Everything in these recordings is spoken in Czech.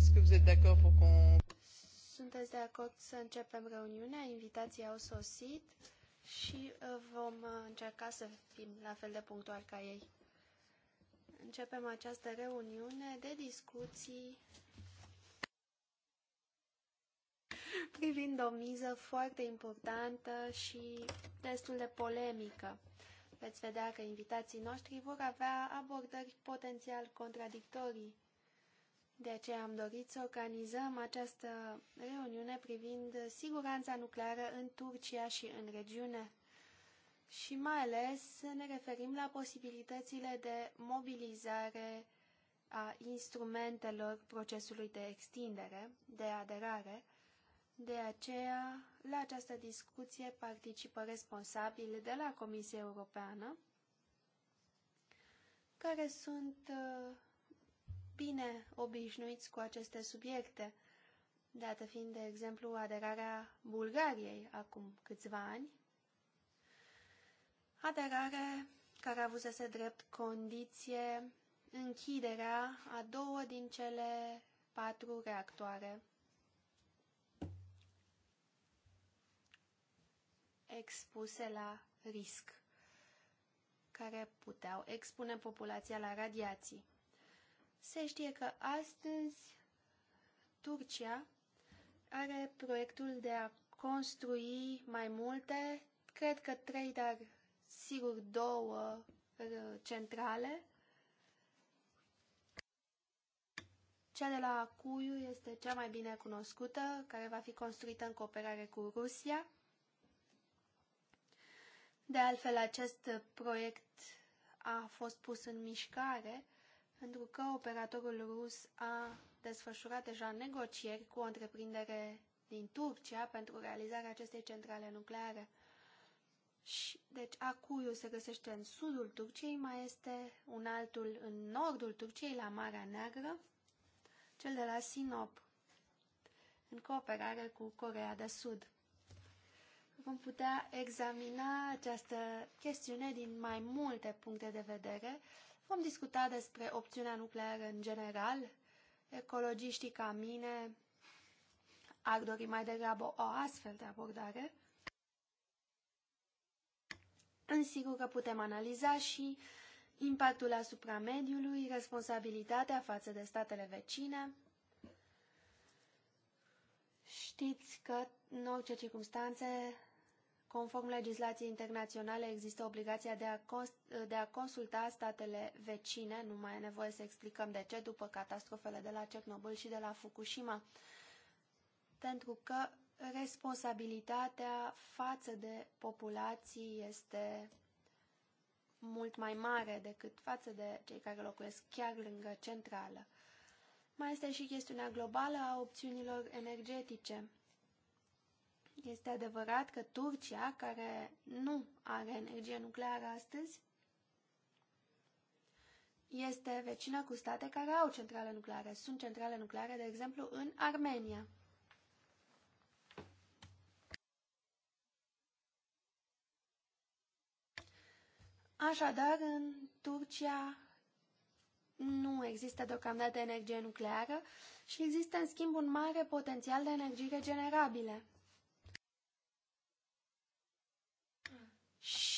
Est-ce que vous êtes d'accord pour qu'on... Sunteți de acord să începem reuniunea? Invitația au sosit și uh, vom uh, încerca să fim la fel de punctuali ca ei. Începem această reuniune de discuții privind o miză foarte importantă și destul de polemică. Veți vedea că invitații noștri vor avea abordări potențial contradictorii De aceea am dorit să organizăm această reuniune privind siguranța nucleară în Turcia și în regiune. Și mai ales ne referim la posibilitățile de mobilizare a instrumentelor procesului de extindere, de aderare. De aceea, la această discuție participă responsabili de la Comisia Europeană, care sunt uh, bine obișnuiți cu aceste subiecte, dată fiind, de exemplu, aderarea Bulgariei acum câțiva ani, aderare care avusese drept condiție închiderea a două din cele patru reactoare expuse la risc, care puteau expune populația la radiații. Se știe că astăzi Turcia are proiectul de a construi mai multe, cred că trei, dar sigur două uh, centrale. Cea de la Acuiu este cea mai bine cunoscută, care va fi construită în cooperare cu Rusia. De altfel, acest proiect a fost pus în mișcare pentru că operatorul rus a desfășurat deja negocieri cu o întreprindere din Turcia pentru realizarea acestei centrale nucleare. Și, deci Acuiu se găsește în sudul Turciei, mai este un altul în nordul Turciei, la Marea Neagră, cel de la Sinop, în cooperare cu Corea de Sud. Vom putea examina această chestiune din mai multe puncte de vedere, Vom discuta despre opțiunea nucleară în general. Ecologiștii ca mine ar dori mai degrabă o astfel de abordare. În sigur că putem analiza și impactul asupra mediului, responsabilitatea față de statele vecine. Știți că, în orice circunstanțe, Conform legislației internaționale, există obligația de a, de a consulta statele vecine, nu mai e nevoie să explicăm de ce, după catastrofele de la Cernobâl și de la Fukushima, pentru că responsabilitatea față de populații este mult mai mare decât față de cei care locuiesc chiar lângă centrală. Mai este și chestiunea globală a opțiunilor energetice. Este adevărat că Turcia, care nu are energie nucleară astăzi, este vecină cu state care au centrale nucleare. Sunt centrale nucleare, de exemplu, în Armenia. Așadar, în Turcia nu există deocamdată energie nucleară și există, în schimb, un mare potențial de energie regenerabile.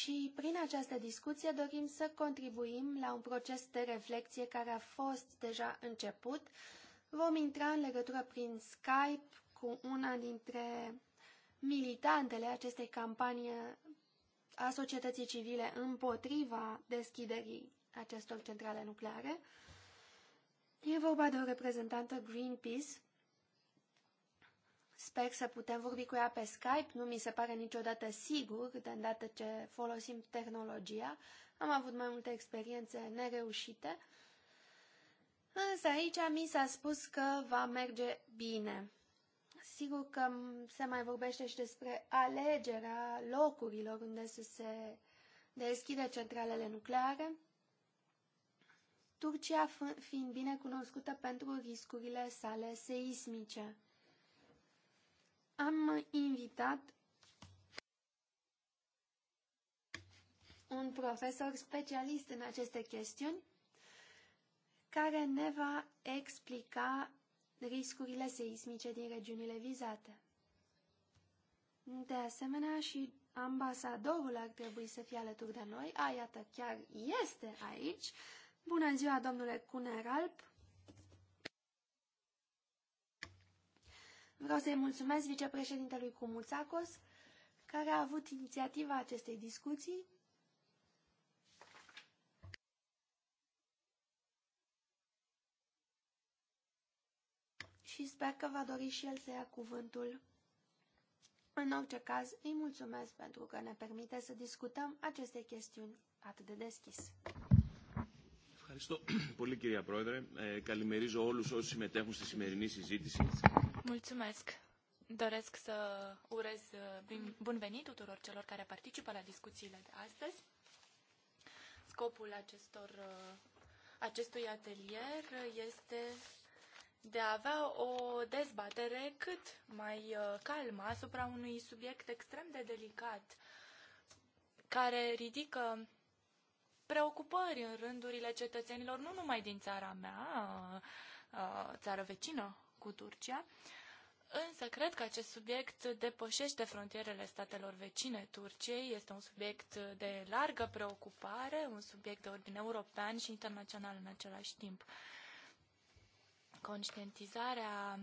și prin această discuție dorim să contribuim la un proces de reflexie care a fost deja început. Vom intra în legătură prin Skype cu una dintre militantele acestei campanii a societății civile împotriva deschiderii acestor centrale nucleare. E vorba de o reprezentantă Greenpeace Sper să putem vorbi cu ea pe Skype, nu mi se pare niciodată sigur, de îndată ce folosim tehnologia. Am avut mai multe experiențe nereușite, însă aici mi s-a spus că va merge bine. Sigur că se mai vorbește și despre alegerea locurilor unde să se deschide centralele nucleare, Turcia fiind bine cunoscută pentru riscurile sale seismice am invitat un profesor specialist în aceste chestiuni care ne va explica riscurile seismice din regiunile vizate. De asemenea, și ambasadorul ar trebui să fie alături de noi. A, iată, chiar este aici. Bună ziua, domnule Cuneralp! Vreau să-i mulțumesc vicepreședintelui Cumuțacos, care a avut inițiativa acestei discuții și sper că va dori și el să ia cuvântul. În orice caz, îi mulțumesc pentru că ne permite să discutăm aceste chestiuni atât de deschis. Ευχαριστώ πολύ κυρία Πρόεδρε. Ε, καλημερίζω όλους όσους συμμετέχουν στη σημερινή συζήτηση. Mulțumesc. Doresc să urez bun venit tuturor celor care participă la discuțiile de astăzi. Scopul acestor, uh, acestui atelier este de a avea o dezbatere cât mai uh, calmă asupra unui subiect extrem de delicat care ridică preocupări în rândurile cetățenilor, nu numai din țara mea, uh, uh, țară vecină cu Turcia, Însă cred că acest subiect depășește frontierele statelor vecine Turciei, este un subiect de largă preocupare, un subiect de ordine european și internațional în același timp. Conștientizarea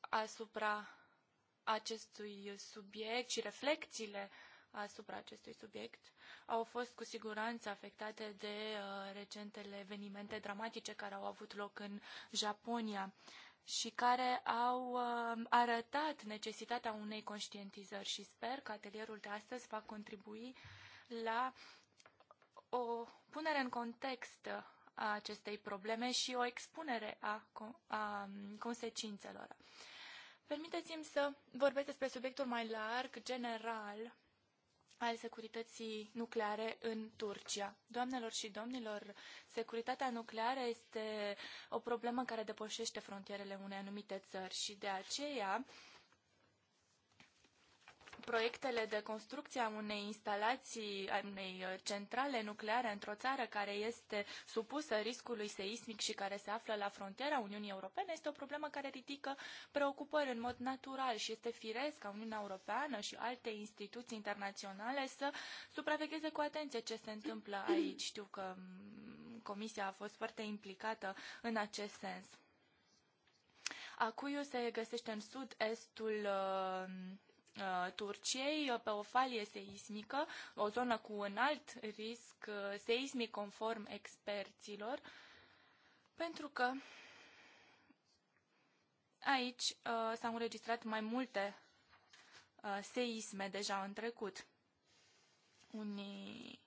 asupra acestui subiect și reflexiile asupra acestui subiect au fost cu siguranță afectate de uh, recentele evenimente dramatice care au avut loc în Japonia și care au uh, arătat necesitatea unei conștientizări și sper că atelierul de astăzi va contribui la o punere în context a acestei probleme și o expunere a, a um, consecințelor. Permiteți-mi să vorbesc despre subiectul mai larg, general, al securității nucleare în Turcia. Doamnelor și domnilor, securitatea nucleară este o problemă care depășește frontierele unei anumite țări și de aceea proiectele de construcție a unei instalații, a unei uh, centrale nucleare într-o țară care este supusă riscului seismic și care se află la frontiera Uniunii Europene este o problemă care ridică preocupări în mod natural și este firesc ca Uniunea Europeană și alte instituții internaționale să supravegheze cu atenție ce se întâmplă aici. Știu că mm, Comisia a fost foarte implicată în acest sens. Acuiu se găsește în sud-estul uh, Uh, Turciei uh, pe o falie seismică, o zonă cu un alt risc uh, seismic conform experților, pentru că aici s-au înregistrat mai multe seisme deja în trecut. Unii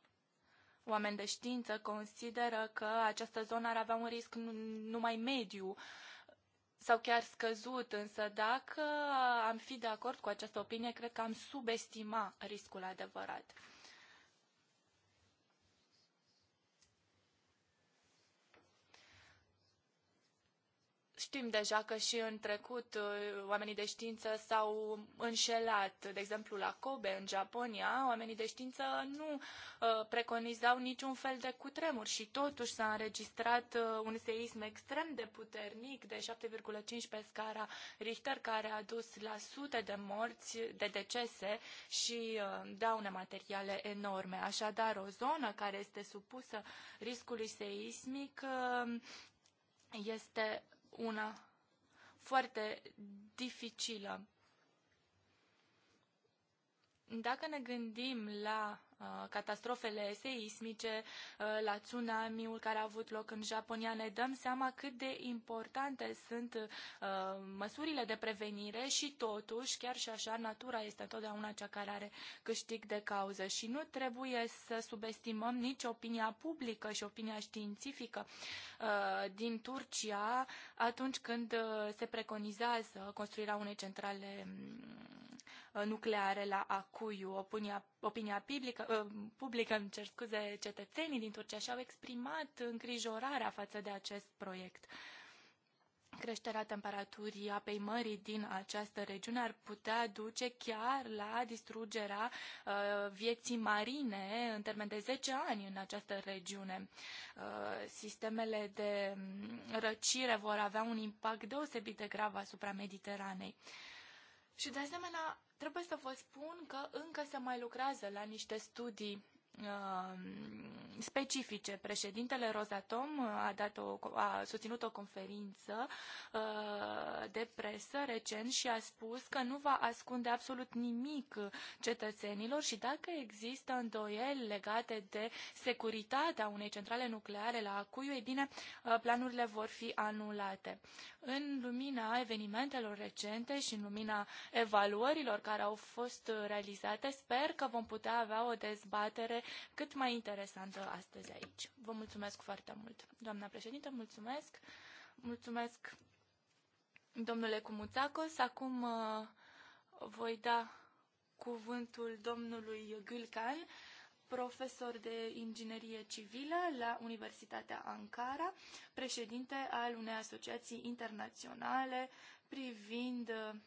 oameni de știință consideră că această zonă ar avea un risc numai mediu sau chiar scăzut, însă dacă am fi de acord cu această opinie, cred că am subestima riscul adevărat. Știm deja că și în trecut uh, oamenii de știință s-au înșelat. De exemplu, la Kobe, în Japonia, oamenii de știință nu uh, preconizau niciun fel de cutremur și totuși s-a înregistrat uh, un seism extrem de puternic de 7,5 pe scara Richter, care a dus la sute de morți, de decese și daune materiale enorme. Așadar, o zonă care este supusă riscului seismic este una foarte dificilă Dacă ne gândim la uh, catastrofele seismice, uh, la tsunamiul care a avut loc în Japonia, ne dăm seama cât de importante sunt uh, măsurile de prevenire și totuși, chiar și așa, natura este întotdeauna cea care are câștig de cauză și nu trebuie să subestimăm nici opinia publică și opinia științifică uh, din Turcia atunci când uh, se preconizează construirea unei centrale mm, Uh, nucleare la Acuiu. Opinia, opinia publică, uh, publică, îmi cer scuze, cetățenii din Turcia și-au exprimat îngrijorarea față de acest proiect. Creșterea temperaturii apei mării din această regiune ar putea duce chiar la distrugerea uh, vieții marine în termen de 10 ani în această regiune. Uh, sistemele de mm, răcire vor avea un impact deosebit de grav asupra Mediteranei. Și de asemenea, Trebuie să vă spun că încă se mai lucrează la niște studii Um, specifice. Președintele Rosatom a, dat o, a susținut o conferință uh, de presă recent și a spus că nu va ascunde absolut nimic cetățenilor și dacă există îndoieli legate de securitatea unei centrale nucleare la Acuiu, e bine, uh, planurile vor fi anulate. În lumina evenimentelor recente și în lumina evaluărilor care au fost realizate, sper că vom putea avea o dezbatere cât mai interesantă astăzi aici. Vă mulțumesc foarte mult. Doamna președintă, mulțumesc. Mulțumesc, domnule Cumuțacos. Acum uh, voi da cuvântul domnului Gülcan, profesor de inginerie civilă la Universitatea Ankara, președinte al unei asociații internaționale privind uh,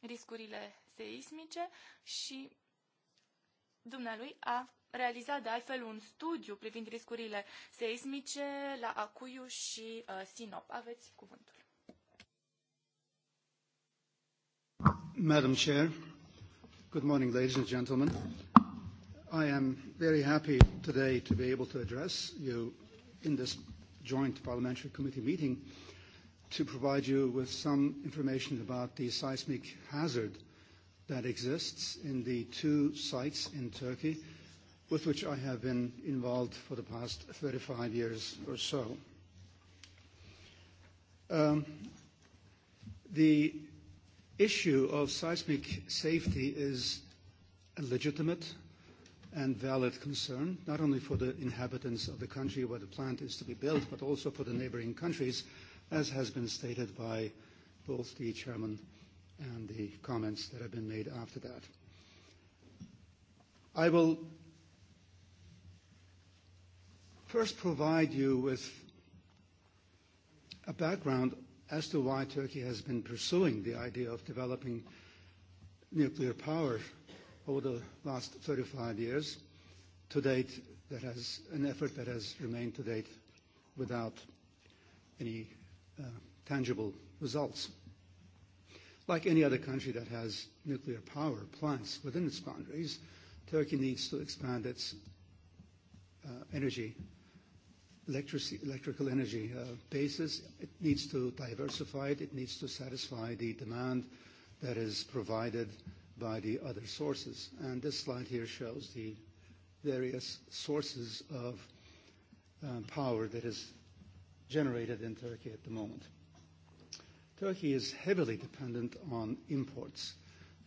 riscurile seismice și Dumnealui a realizat de altfel un studiu privind riscurile seismice la Acuiu și uh, Sinop. Aveți cuvântul. Madam Chair, good morning, ladies and gentlemen. I am very happy today to be able to address you in this joint parliamentary committee meeting to provide you with some information about the seismic hazard uh, that exists in the two sites in Turkey with which I have been involved for the past 35 years or so. Um, the issue of seismic safety is a legitimate and valid concern, not only for the inhabitants of the country where the plant is to be built, but also for the neighboring countries, as has been stated by both the chairman and the comments that have been made after that. I will first provide you with a background as to why Turkey has been pursuing the idea of developing nuclear power over the last 35 years. To date, that has an effort that has remained to date without any uh, tangible results. Like any other country that has nuclear power plants within its boundaries, Turkey needs to expand its uh, energy, electric, electrical energy uh, basis. It needs to diversify it. It needs to satisfy the demand that is provided by the other sources. And this slide here shows the various sources of um, power that is generated in Turkey at the moment. Turkey is heavily dependent on imports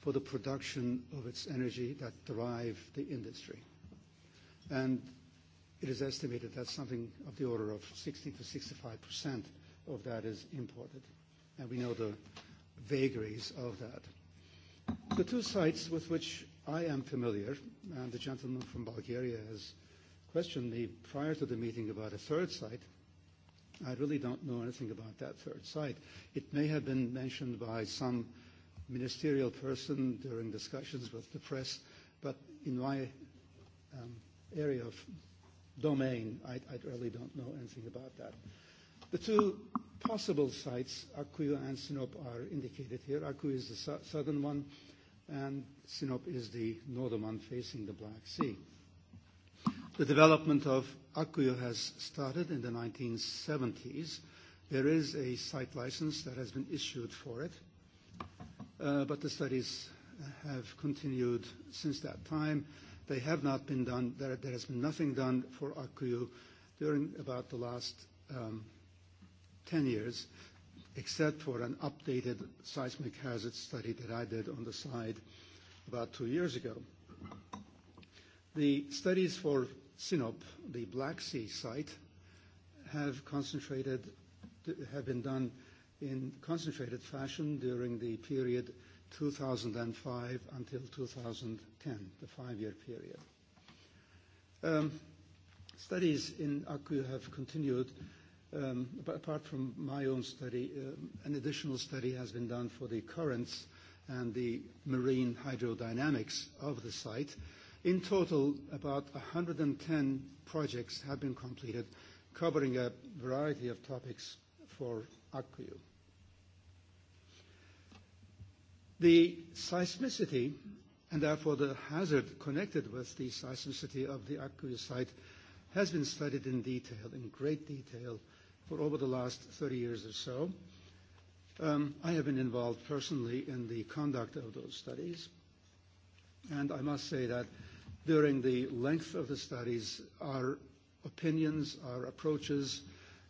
for the production of its energy that drive the industry. And it is estimated that something of the order of 60 to 65 percent of that is imported. And we know the vagaries of that. The two sites with which I am familiar, and the gentleman from Bulgaria has questioned me prior to the meeting about a third site, i really don't know anything about that third site. It may have been mentioned by some ministerial person during discussions with the press, but in my um, area of domain, I, I really don't know anything about that. The two possible sites, Akkuyu and Sinop, are indicated here. Akkuyu is the su southern one, and Sinop is the northern one facing the Black Sea. The development of Akuyu has started in the 1970s. There is a site license that has been issued for it, uh, but the studies have continued since that time. They have not been done. There, there has been nothing done for Akuyu during about the last um, 10 years, except for an updated seismic hazard study that I did on the side about two years ago. The studies for Sinop, the Black Sea site, have concentrated, have been done in concentrated fashion during the period 2005 until 2010, the five-year period. Um, studies in Akku have continued, um, but apart from my own study, um, an additional study has been done for the currents and the marine hydrodynamics of the site, In total, about 110 projects have been completed, covering a variety of topics for ACCU. The seismicity, and therefore the hazard connected with the seismicity of the ACCU site, has been studied in detail, in great detail, for over the last 30 years or so. Um, I have been involved personally in the conduct of those studies, and I must say that during the length of the studies our opinions, our approaches,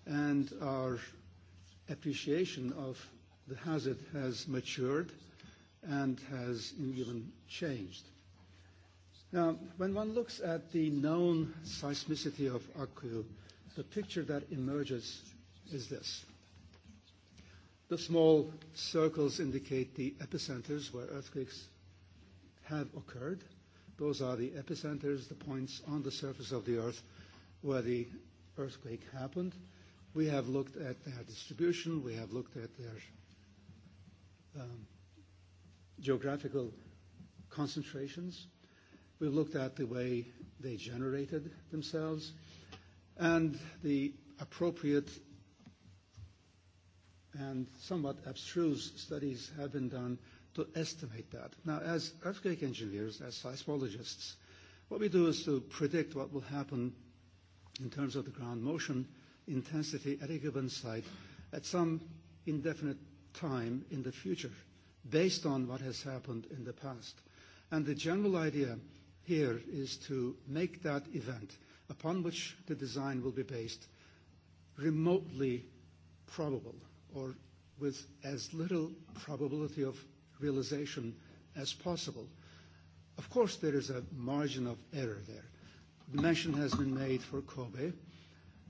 and our appreciation of the hazard has matured and has even changed. Now, when one looks at the known seismicity of Akku, the picture that emerges is this. The small circles indicate the epicenters where earthquakes have occurred – Those are the epicenters, the points on the surface of the Earth where the earthquake happened. We have looked at their distribution. We have looked at their um, geographical concentrations. We've looked at the way they generated themselves and the appropriate and somewhat abstruse studies have been done to estimate that. Now, as earthquake engineers, as seismologists, what we do is to predict what will happen in terms of the ground motion intensity at a given site at some indefinite time in the future based on what has happened in the past. And the general idea here is to make that event upon which the design will be based remotely probable or with as little probability of realization as possible. Of course, there is a margin of error there. Mention has been made for Kobe.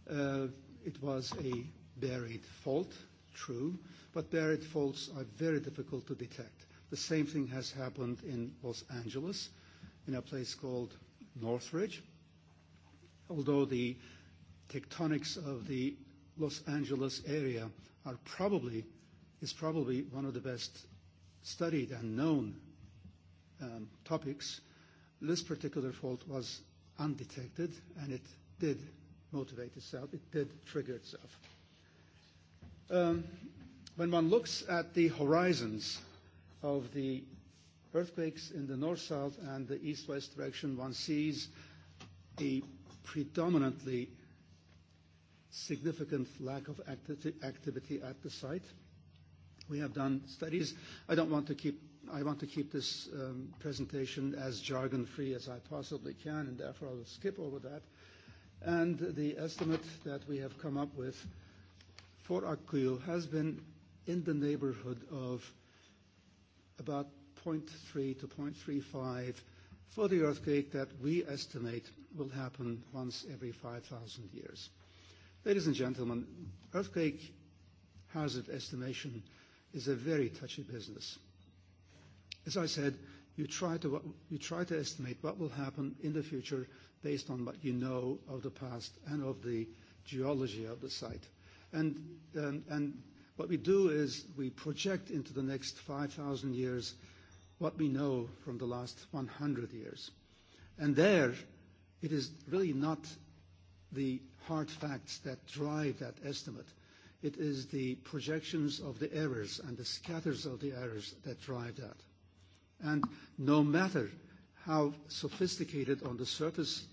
Uh, it was a buried fault, true, but buried faults are very difficult to detect. The same thing has happened in Los Angeles, in a place called Northridge. Although the tectonics of the Los Angeles area are probably is probably one of the best studied and known um, topics, this particular fault was undetected and it did motivate itself, it did trigger itself. Um, when one looks at the horizons of the earthquakes in the north-south and the east-west direction, one sees a predominantly significant lack of activity at the site. We have done studies. I don't want to keep I want to keep this um, presentation as jargon-free as I possibly can, and therefore I will skip over that. And the estimate that we have come up with for Akkuyu has been in the neighborhood of about 0.3 to 0.35 for the earthquake that we estimate will happen once every 5,000 years. Ladies and gentlemen, earthquake hazard estimation – is a very touchy business. As I said, you try to, you try to estimate what will happen in the future based on what you know of the past and of the geology of the site. And, um, and what we do is we project into the next 5,000 years what we know from the last 100 years. And there, it is really not the hard facts that drive that estimate It is the projections of the errors and the scatters of the errors that drive that. And no matter how sophisticated on the surface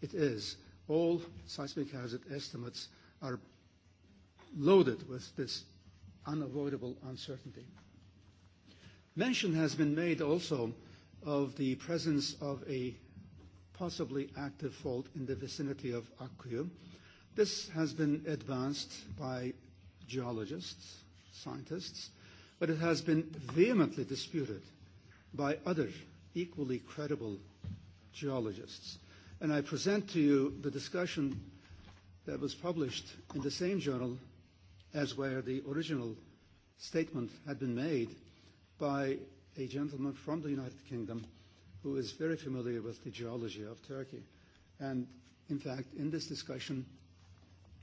it is, all seismic hazard estimates are loaded with this unavoidable uncertainty. Mention has been made also of the presence of a possibly active fault in the vicinity of Akkuyu, This has been advanced by geologists, scientists, but it has been vehemently disputed by other equally credible geologists. And I present to you the discussion that was published in the same journal as where the original statement had been made by a gentleman from the United Kingdom who is very familiar with the geology of Turkey. And in fact, in this discussion,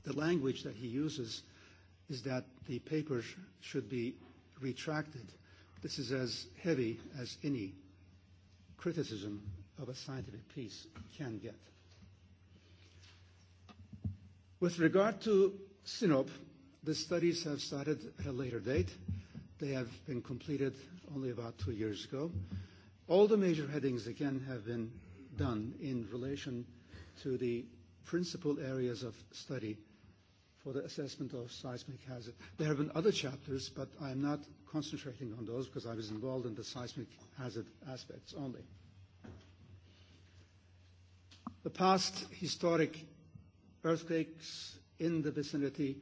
the language that he uses is that the papers should be retracted. This is as heavy as any criticism of a scientific piece can get. With regard to SYNOP, the studies have started at a later date. They have been completed only about two years ago. All the major headings, again, have been done in relation to the principal areas of study for the assessment of seismic hazard. There have been other chapters, but I'm not concentrating on those because I was involved in the seismic hazard aspects only. The past historic earthquakes in the vicinity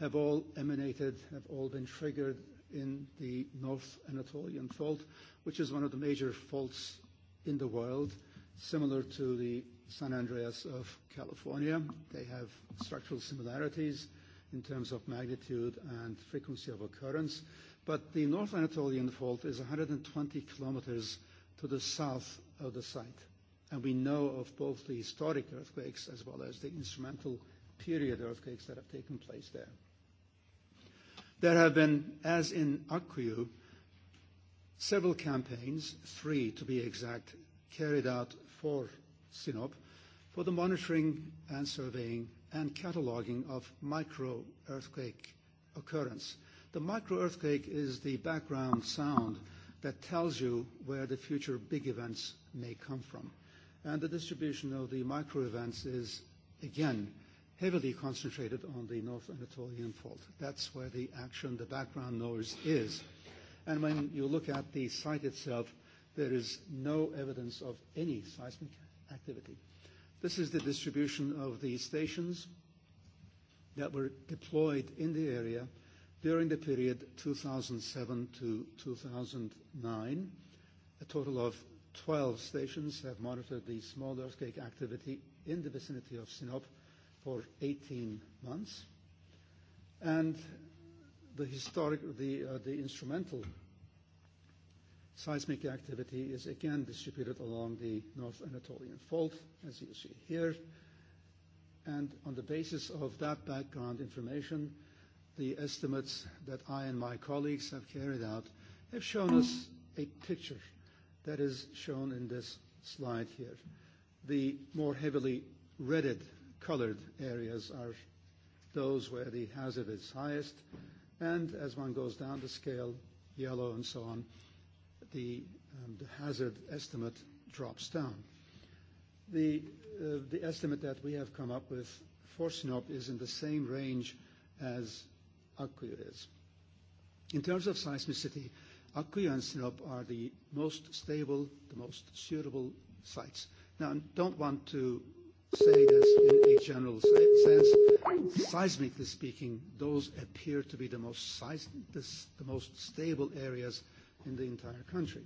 have all emanated, have all been triggered in the North Anatolian Fault, which is one of the major faults in the world, similar to the San Andreas of California. They have structural similarities in terms of magnitude and frequency of occurrence. But the North Anatolian Fault is 120 kilometers to the south of the site. And we know of both the historic earthquakes as well as the instrumental period earthquakes that have taken place there. There have been, as in Akkuyu, several campaigns, three to be exact, carried out for SYNOP, for the monitoring and surveying and cataloging of micro-earthquake occurrence. The micro-earthquake is the background sound that tells you where the future big events may come from. And the distribution of the micro-events is, again, heavily concentrated on the North Anatolian Fault. That's where the action, the background noise is. And when you look at the site itself, there is no evidence of any seismic activity. This is the distribution of the stations that were deployed in the area during the period 2007 to 2009. A total of 12 stations have monitored the small earthquake activity in the vicinity of Sinop for 18 months. And the historic, the, uh, the instrumental Seismic activity is again distributed along the North Anatolian Fault, as you see here. And on the basis of that background information, the estimates that I and my colleagues have carried out have shown us a picture that is shown in this slide here. The more heavily redded colored areas are those where the hazard is highest, and as one goes down the scale, yellow and so on, the, um, the hazard estimate drops down. The, uh, the estimate that we have come up with for SNOP is in the same range as Akkuyu is. In terms of seismicity, Akkuyu and SNOP are the most stable, the most suitable sites. Now, I don't want to say this in a general sense. Seismically speaking, those appear to be the most, seis- the, the most stable areas in the entire country.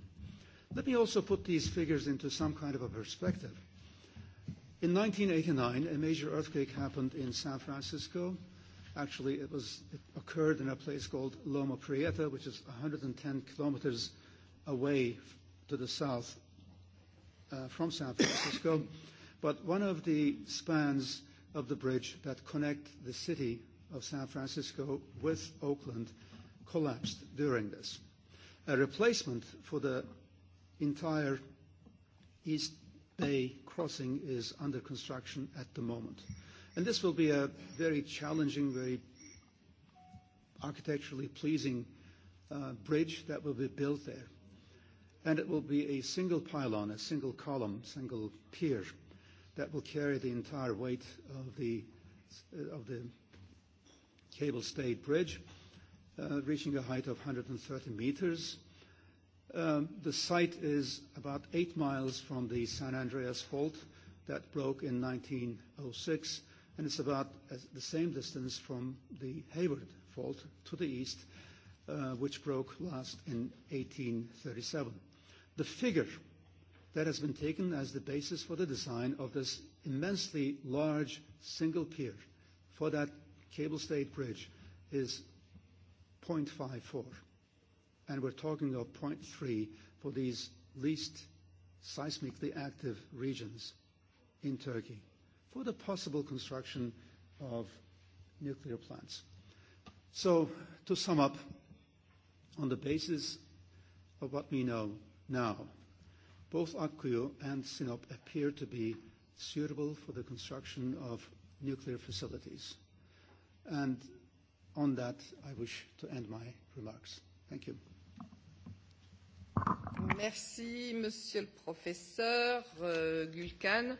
Let me also put these figures into some kind of a perspective. In 1989, a major earthquake happened in San Francisco. Actually, it, was, it occurred in a place called Loma Prieta, which is 110 kilometers away to the south uh, from San Francisco. but one of the spans of the bridge that connect the city of San Francisco with Oakland collapsed during this a replacement for the entire East Bay crossing is under construction at the moment. And this will be a very challenging, very architecturally pleasing uh, bridge that will be built there. And it will be a single pylon, a single column, single pier that will carry the entire weight of the, uh, of the cable stayed bridge uh, reaching a height of 130 meters. Um, the site is about eight miles from the San Andreas Fault that broke in 1906, and it's about the same distance from the Hayward Fault to the east, uh, which broke last in 1837. The figure that has been taken as the basis for the design of this immensely large single pier for that cable stayed bridge is 0.54, and we're talking of 0.3 for these least seismically active regions in Turkey for the possible construction of nuclear plants. So to sum up, on the basis of what we know now, both Akkuyu and Sinop appear to be suitable for the construction of nuclear facilities. And on that, I wish to end my remarks. Thank you. Merci, monsieur le professeur euh, Gulkan.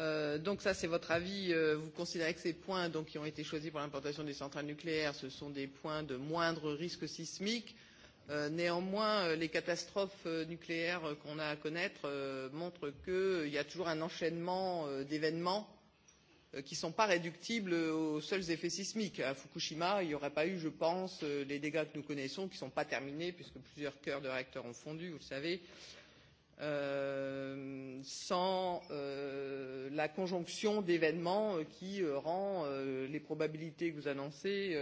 Euh, donc ça, c'est votre avis. Euh, vous considérez que ces points donc, qui ont été choisis pour l'implantation des centrales nucléaires, ce sont des points de moindre risque sismique. Euh, néanmoins, euh, les catastrophes euh, nucléaires euh, qu'on a à connaître euh, montrent qu'il euh, y a toujours un enchaînement euh, d'événements Euh, qui ne sont pas réductibles euh, aux seuls effets sismiques. à fukushima il n'y aurait pas eu je pense euh, les dégâts que nous connaissons qui ne sont pas terminés puisque plusieurs cœurs de réacteurs ont fondu vous le savez euh, sans euh, la conjonction d'événements qui rend euh, les probabilités que vous annoncez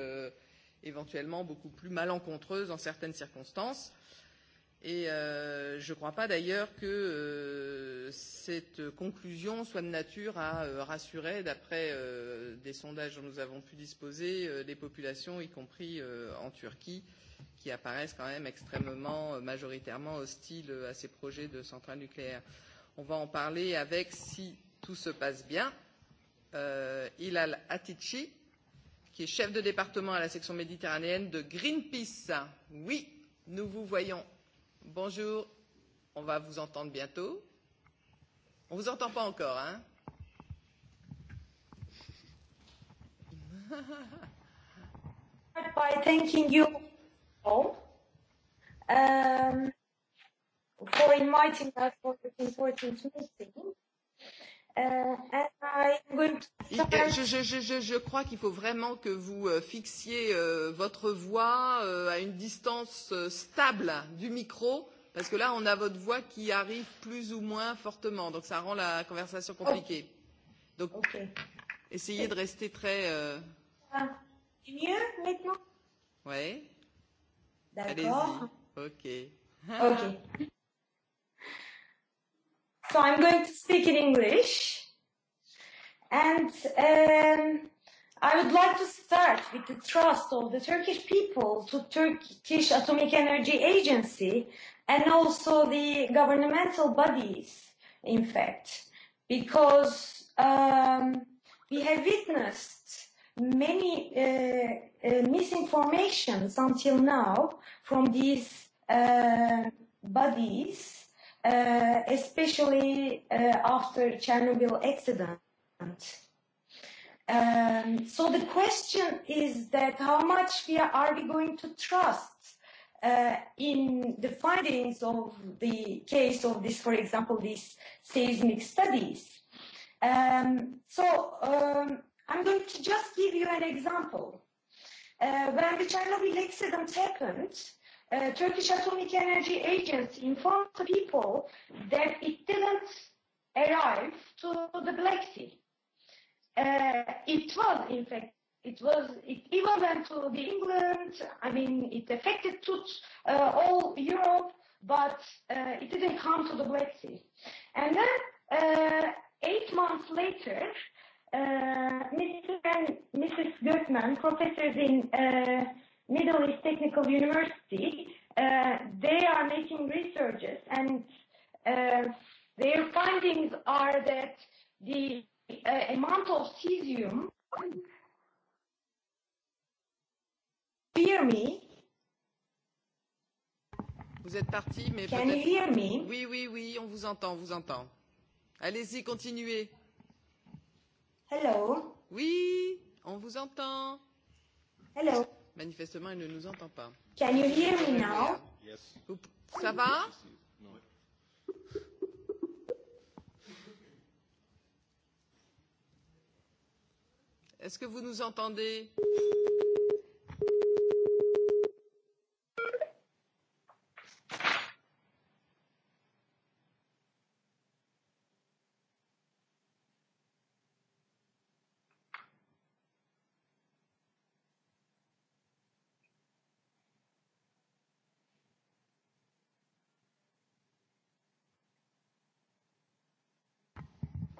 éventuellement beaucoup plus malencontreuses dans certaines circonstances. Et euh, je ne crois pas d'ailleurs que euh, cette conclusion soit de nature à euh, rassurer, d'après euh, des sondages dont nous avons pu disposer, euh, les populations, y compris euh, en Turquie, qui apparaissent quand même extrêmement euh, majoritairement hostiles euh, à ces projets de centrales nucléaires. On va en parler avec, si tout se passe bien, euh, Ilal Atici, qui est chef de département à la section méditerranéenne de Greenpeace. Oui, nous vous voyons Bonjour, on va vous entendre bientôt. On ne vous entend pas encore, hein By thanking you all um, for inviting us for this important meeting. Euh, euh, je, je, je, je crois qu'il faut vraiment que vous euh, fixiez votre voix à une distance stable du micro, parce que là, on a votre voix qui arrive plus ou moins fortement, donc ça rend la conversation oh. compliquée. Donc, essayez de rester très. Ah, mieux maintenant. Oui. D'accord. Ok. Ok. So I'm going to speak in English. And um, I would like to start with the trust of the Turkish people to Turkish Atomic Energy Agency and also the governmental bodies, in fact, because um, we have witnessed many uh, uh, misinformations until now from these uh, bodies uh, especially uh, after Chernobyl accident. Um, so the question is that how much we are we going to trust uh, in the findings of the case of this, for example, these seismic studies. Um, so um, I'm going to just give you an example. Uh, when the Chernobyl accident happened, uh, uh, Turkish Atomic Energy Agency informed the people that it didn't arrive to the Black Sea. Uh, it was, in fact, it was, it even went to the England, I mean, it affected to, uh, all Europe, but uh, it didn't come to the Black Sea. And then, uh, eight months later, uh, Mr. and Mrs. Goodman, professors in uh, Middle East Technical University, uh, they are making researches and uh, their findings are that the uh, amount of cesium, hear me? Vous êtes parti, mais Can you hear me? Oui, oui, oui, on vous entend, on vous entend. Allez-y, continuez. Hello. Oui, on vous entend. Hello. Manifestement, il ne nous entend pas. Can you hear me now? Yes. Ça va? Est-ce que vous nous entendez?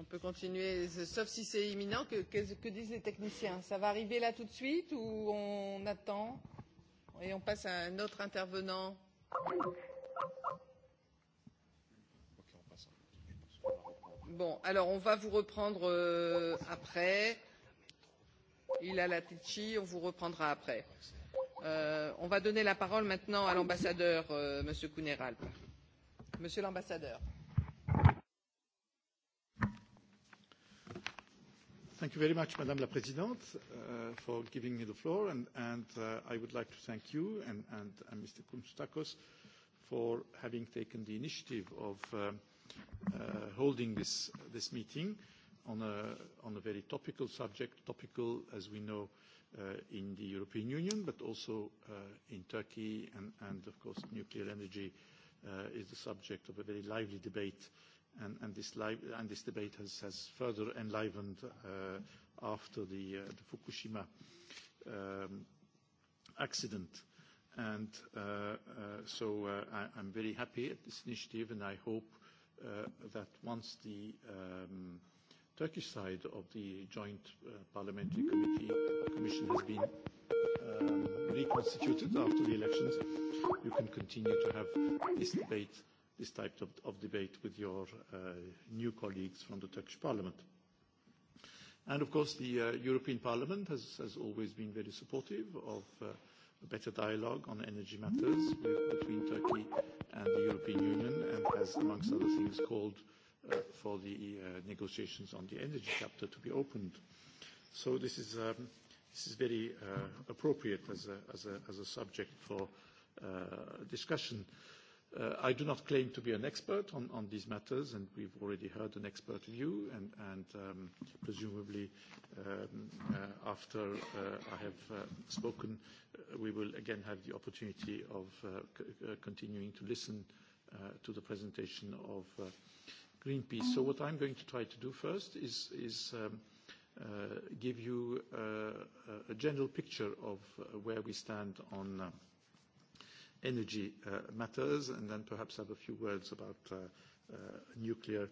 On peut continuer, euh, sauf si c'est imminent. Que, que, que disent les techniciens Ça va arriver là tout de suite ou on attend et on passe à un autre intervenant Bon, alors on va vous reprendre euh, après. Il a la Tichy, on vous reprendra après. Euh, on va donner la parole maintenant à l'ambassadeur, euh, Monsieur Kuneral. Monsieur l'ambassadeur. Euh, Thank you very much, Madame la Présidente, uh, for giving me the floor, and, and uh, I would like to thank you and, and, and Mr. Koumstakos for having taken the initiative of um, uh, holding this, this meeting on a, on a very topical subject, topical, as we know, uh, in the European Union, but also uh, in Turkey, and, and of course, nuclear energy is the subject of a very lively debate and, and, this, live, and this debate has, has further enlivened uh, after the, uh, the Fukushima um, accident. And uh, uh, so uh, I, I'm very happy at this initiative, and I hope uh, that once the um, Turkish side of the Joint uh, Parliamentary Committee uh, Commission has been um, reconstituted after the elections, you can continue to have this debate this type of, of debate with your uh, new colleagues from the Turkish parliament. And of course, the uh, European Parliament has, has always been very supportive of uh, a better dialogue on energy matters with, between Turkey and the European Union, and has, amongst other things, called uh, for the uh, negotiations on the energy chapter to be opened. So this is, um, this is very uh, appropriate as a, as, a, as a subject for uh, discussion. Uh, I do not claim to be an expert on, these matters, and we've already heard an expert view, and, um, presumably, um, uh, after uh, I have spoken, we will again have the opportunity of continuing to listen to the presentation of Greenpeace. So what I'm going to try to do first is, um, give you a general picture of where we stand on energy uh, matters, and then perhaps have a few words about uh, uh, nuclear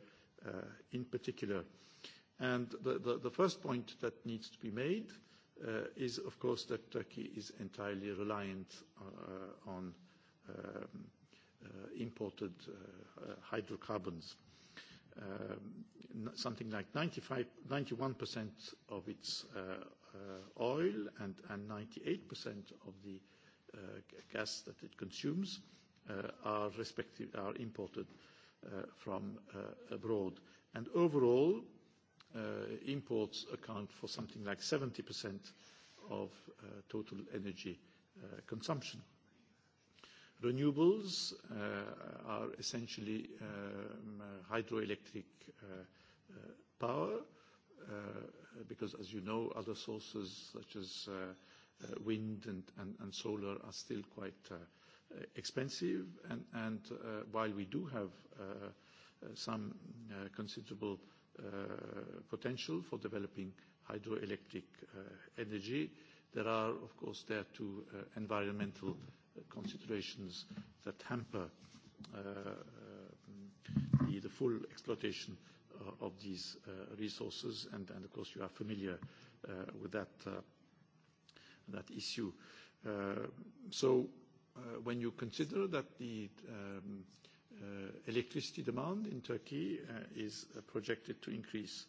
uh, in particular. And the, the, the first point that needs to be made uh, is, of course, that Turkey is entirely reliant uh, on um, uh, imported uh, uh hydrocarbons. Um, something like 95, 91% of its uh, uh, oil and, and 98% of the uh, Uh, gas that it consumes uh, are, are imported uh, from abroad. And overall, imports account for something like 70% of total energy consumption. Renewables uh, are essentially um, hydroelectric uh, uh, power, because as you know, other sources such as uh, wind and, and, and solar are still quite uh, expensive. And, and uh, while we do have uh, uh, some uh, considerable uh, potential for developing hydroelectric uh, energy, there are, of course, there too uh, environmental considerations that hamper uh, uh the, the full exploitation uh, of these uh, resources. And, and of course, you are familiar uh, with that that issue. Uh, so uh, when you consider that the um, uh, electricity demand in Turkey is projected to increase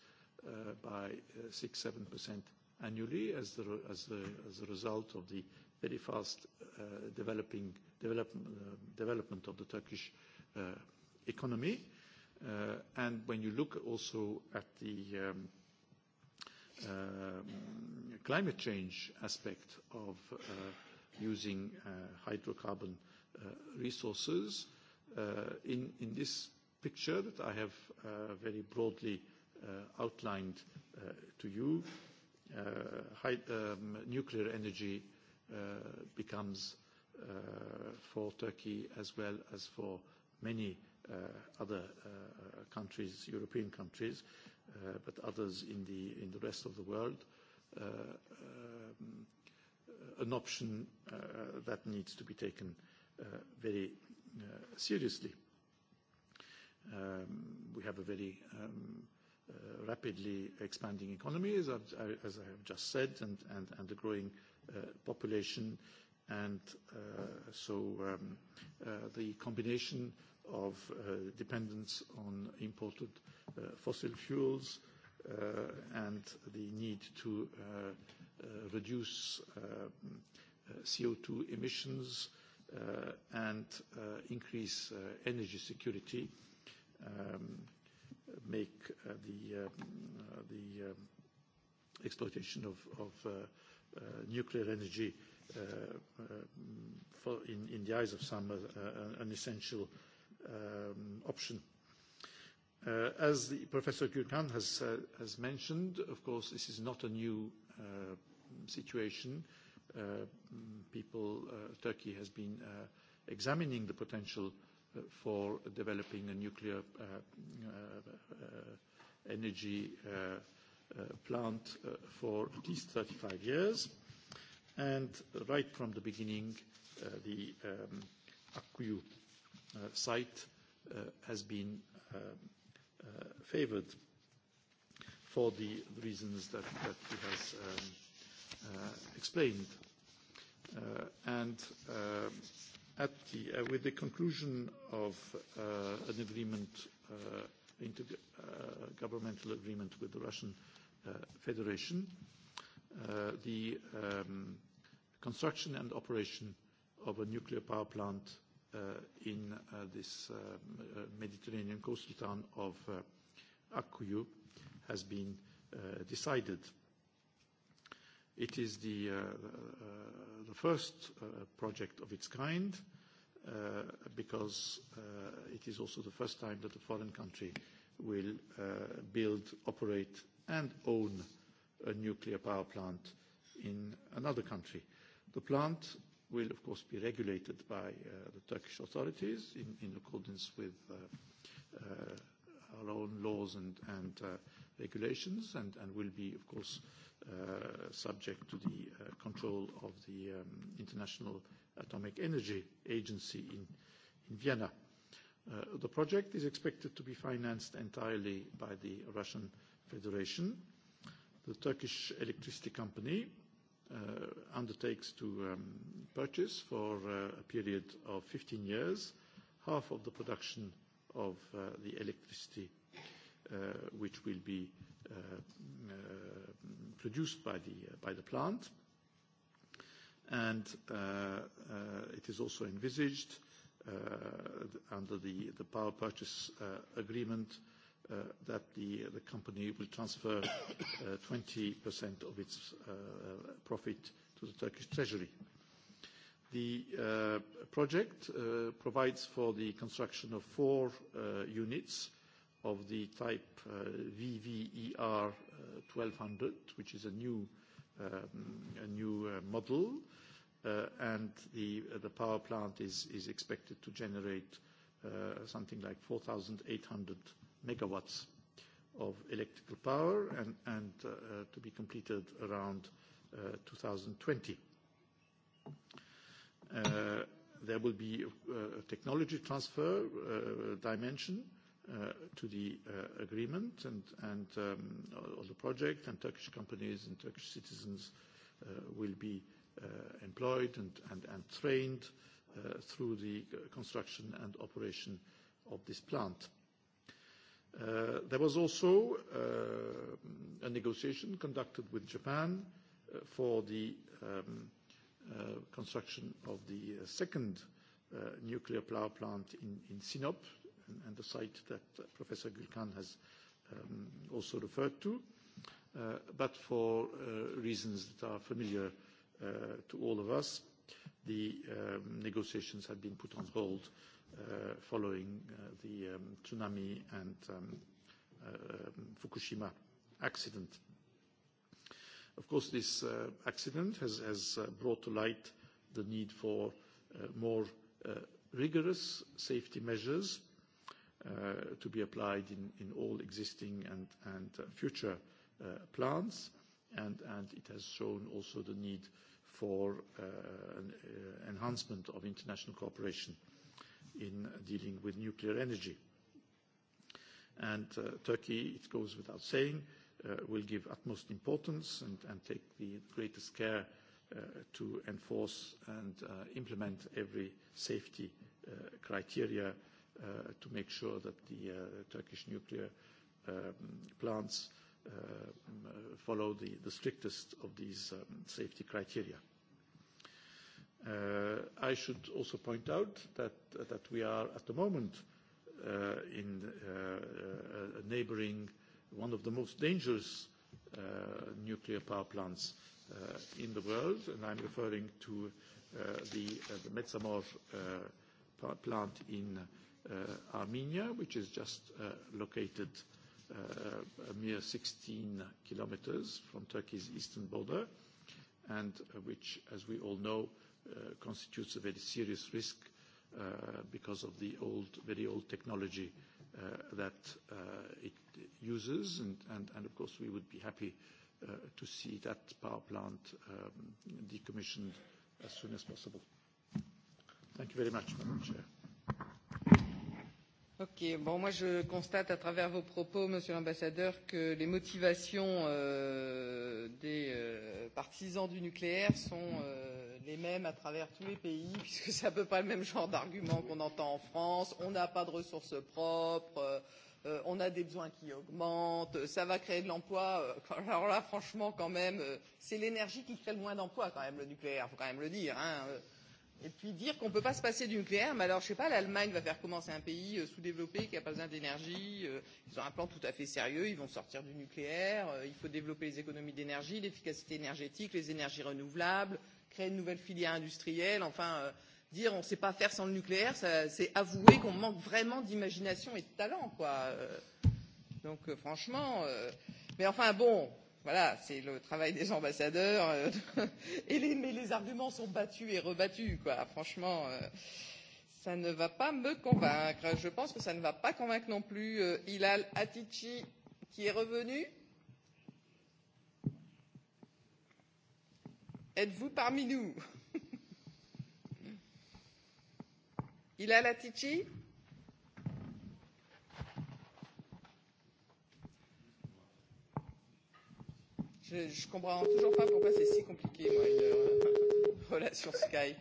by 6%-7% annually as the, a result of the very fast developing development of the Turkish economy. And when you look also at the um, Uh, climate change aspect of uh, using uh, hydrocarbon uh, resources. Uh, in, in this picture that I have uh, very broadly uh, outlined uh, to you, uh, high, um, nuclear energy uh, becomes uh, for Turkey as well as for many uh, other uh, countries, European countries, uh, Uh, but others in the, in the rest of the world, uh, um, an option uh, that needs to be taken uh, very uh, seriously. Um, we have a very um, uh, rapidly expanding economy, as I've, as I have just said, and, and, and a growing uh, population. And uh, so um, uh, the combination of uh, dependence on imported uh, Uh, fossil fuels uh, and the need to uh, reduce CO2 emissions and increase energy security um, make uh, the, uh, the uh, exploitation of, of nuclear energy in, in the eyes of some an essential um, option. Uh, as Professor Gürkan uh, has, mentioned, of course, this is not a new uh, situation. People, Turkey has been examining the potential for developing a nuclear energy plant for at least 35 years. and Right from the beginning, the um, Akkuyu site has been um, Uh, favored favoured for the reasons that, that he has um, uh, explained. Uh, and uh, at the, uh, with the conclusion of uh, an agreement, uh, intergovernmental uh, agreement with the Russian uh, Federation, uh, the um, construction and operation of a nuclear power plant Uh, in uh, this uh, Mediterranean coastal town of Akuyu has been decided. It is the, the first project of its kind Uh, because uh, it is also the first time that a foreign country will uh, build, operate, and own a nuclear power plant in another country. The plant will, of course, be regulated by uh, the Turkish authorities in, in accordance with uh, uh, our own laws and, and uh, regulations and, and will be, of course, uh, subject to the uh, control of the um, International Atomic Energy Agency in, in Vienna. Uh, the project is expected to be financed entirely by the Russian Federation. The Turkish electricity company Uh, undertakes to um, purchase for uh, a period of 15 years, half of the production of uh, the electricity which will be produced by the, by the plant. And it is also envisaged under the, the power purchase agreement Uh, that uh, the, company will transfer 20% uh, of its profit to the Turkish treasury. The project provides for the construction of four units of the type VVER e 1200, which is a new, um, model, and the, power plant is, expected to generate something like 4,800 megawatts of electrical power and, and uh, uh to be completed around uh, 2020. Uh, there will be a, uh, a technology transfer uh, dimension to the agreement and, and um, on the project, and Turkish companies and Turkish citizens will be employed and, and trained through the construction and operation of this plant. Uh, there was also uh, a negotiation conducted with Japan uh, for the um, construction of the second nuclear power plant in, Sinop, and, the site that Professor Gülkan has um, also referred to. But for reasons that are familiar to all of us, the um, negotiations have been put on hold Uh, following uh, the um, tsunami and um, uh, um, Fukushima accident. Of course, this accident has, has brought to light the need for more rigorous safety measures to be applied in, in all existing and, and future plants. And, and it has shown also the need for uh, an uh, enhancement of international cooperation in dealing with nuclear energy. And uh, Turkey, it goes without saying, uh, will give utmost importance and, and take the greatest care uh, to enforce and uh, implement every safety uh, criteria uh, to make sure that the uh, Turkish nuclear um, plants uh, uh follow the, the strictest of these um, safety criteria. Uh, I should also point out that, that we are at the moment uh, in uh, neighboring one of the most dangerous nuclear power plants in the world, and I'm referring to the, Metsamor power plant in Armenia, which is just located a mere 16 kilometers from Turkey's eastern border, and which, as we all know, Uh, constitutes a very serious risk uh, because of the old, very old technology uh, that it uses. And, and, and of course, we would be happy to see that power plant um, decommissioned as soon as possible. Thank you very much, Madam Chair. Ok, bon, moi je constate à travers vos propos, monsieur l'ambassadeur, que les motivations euh, des euh, partisans du nucléaire sont euh, les mêmes à travers tous les pays, puisque c'est à peu près le même genre d'argument qu'on entend en France. On n'a pas de ressources propres, euh, on a des besoins qui augmentent, ça va créer de l'emploi. Euh, alors là, franchement, quand même, euh, c'est l'énergie qui crée le moins d'emplois, quand même, le nucléaire, faut quand même le dire. Hein, euh, Et puis dire qu'on ne peut pas se passer du nucléaire, mais alors je ne sais pas, l'Allemagne va faire commencer un pays euh, sous-développé qui n'a pas besoin d'énergie, euh, ils ont un plan tout à fait sérieux, ils vont sortir du nucléaire, euh, il faut développer les économies d'énergie, l'efficacité énergétique, les énergies renouvelables, créer une nouvelle filière industrielle, enfin dire on ne sait pas faire sans le nucléaire, c'est avouer qu'on manque vraiment d'imagination et de talent. Quoi. donc franchement, mais enfin bon, voilà, c'est le travail des ambassadeurs. Euh, et les, mais les arguments sont battus et rebattus, quoi. Franchement, euh, ça ne va pas me convaincre. Je pense que ça ne va pas convaincre non plus euh, Hilal Atici, qui est revenu. Êtes-vous parmi nous Hilal Atici Je, je comprends toujours pas pourquoi c'est si compliqué, moi, une euh, relation Skype.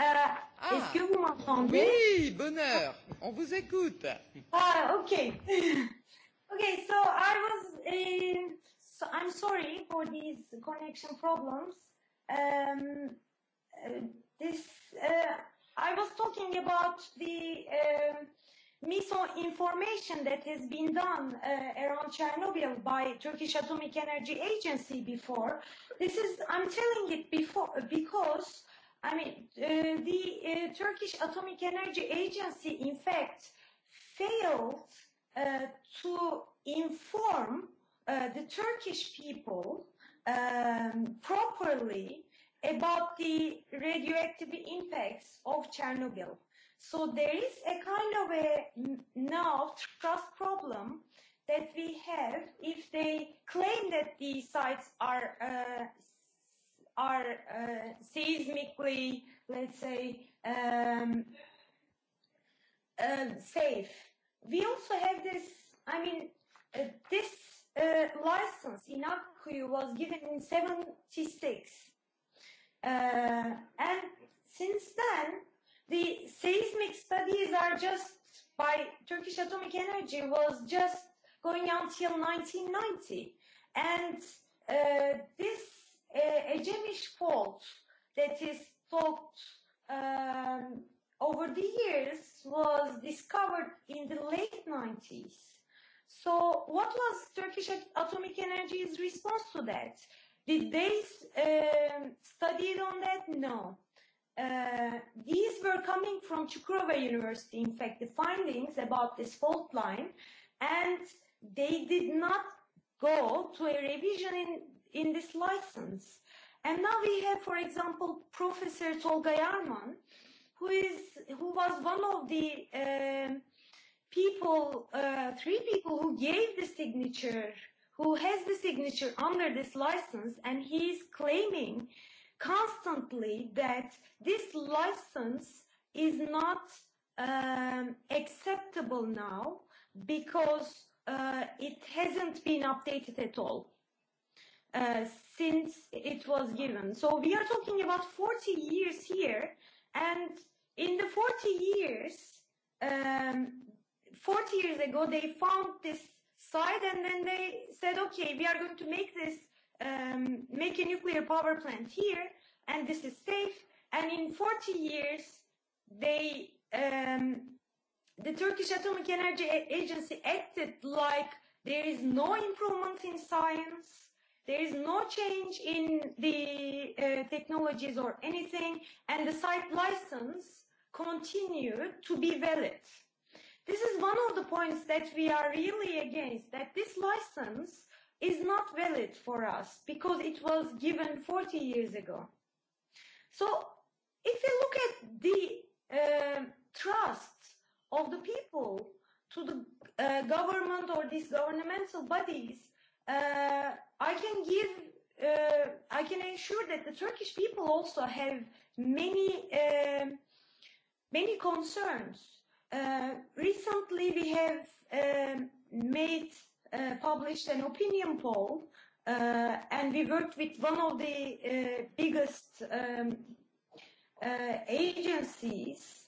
Euh, ah, Est-ce que vous m'entendez Oui, bonheur, on vous écoute. Ah, uh, ok. ok, so I was, in, so I'm sorry for these connection problems. Um, uh, this, uh, I was talking about the. Uh, misinformation that has been done uh, around Chernobyl by Turkish Atomic Energy Agency before. This is, I'm telling it before because, I mean, uh, the uh, Turkish Atomic Energy Agency, in fact, failed uh, to inform uh, the Turkish people um, properly about the radioactive impacts of Chernobyl. So there is a kind of a now trust problem that we have if they claim that these sites are uh, are uh, seismically, let's say, um, uh, safe. We also have this. I mean, uh, this uh, license in Akkuyu was given in '76, uh, and since then The seismic studies are just by Turkish Atomic Energy was just going until 1990. And uh, this uh, fault that is thought um, over the years was discovered in the late 90s. So what was Turkish Atomic Energy's response to that? Did they um, study on that? No Uh, these were coming from Chukurova University, in fact, the findings about this fault line, and they did not go to a revision in, in this license. And now we have, for example, Professor Tolga Yarman, who is who was one of the uh, people, uh, three people who gave the signature, who has the signature under this license, and he is claiming constantly that this license is not um, acceptable now because uh, it hasn't been updated at all uh, since it was given. So we are talking about 40 years here, and in the 40 years, um, 40 years ago, they found this site and then they said, okay, we are going to make this um, make a nuclear power plant here, and this is safe. And in 40 years, they um, the Turkish Atomic Energy Agency acted like there is no improvement in science, there is no change in the uh, technologies or anything, and the site license continued to be valid. This is one of the points that we are really against, that this license is not valid for us because it was given 40 years ago. So if you look at the uh, um, trust of the people to the uh, government or these governmental bodies, uh, I can give, uh, I can ensure that the Turkish people also have many, uh, many concerns. Uh, recently, we have um, made Uh, published an opinion poll uh, and we worked with one of the uh, biggest um, uh, agencies,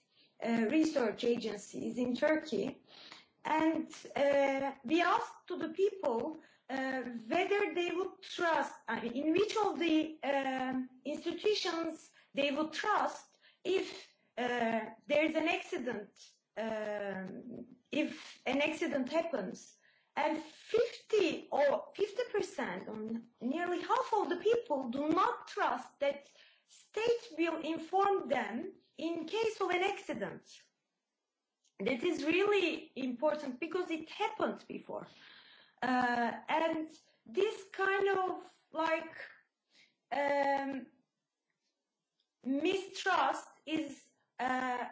uh, research agencies in Turkey. And uh, we asked to the people uh, whether they would trust, I uh, mean, in which of the uh, institutions they would trust if uh, is an accident, uh, if an accident happens and 50 or 50 percent, um, nearly half of the people do not trust that state will inform them in case of an accident. That is really important because it happened before, uh, and this kind of like um, mistrust is uh,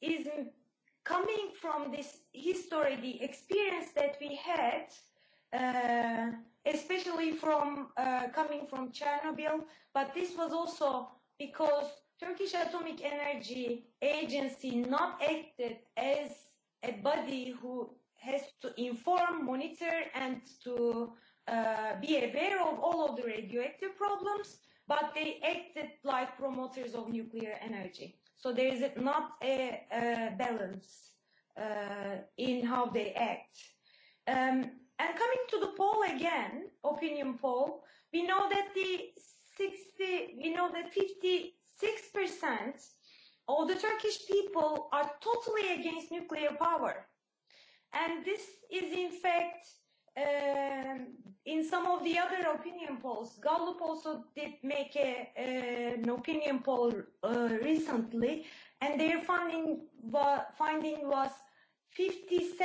is coming from this history, the experience that we had, uh, especially from uh, coming from Chernobyl, but this was also because Turkish Atomic Energy Agency not acted as a body who has to inform, monitor, and to uh, be aware of all of the radioactive problems, but they acted like promoters of nuclear energy. So there is not a, a balance uh, in how they act. Um, and coming to the poll again, opinion poll, we know that the 60, we know that 56% of the Turkish people are totally against nuclear power. And this is in fact um, in some of the other opinion polls, Gallup also did make a, a, an opinion poll uh, recently, and their finding, wa- finding was 57%.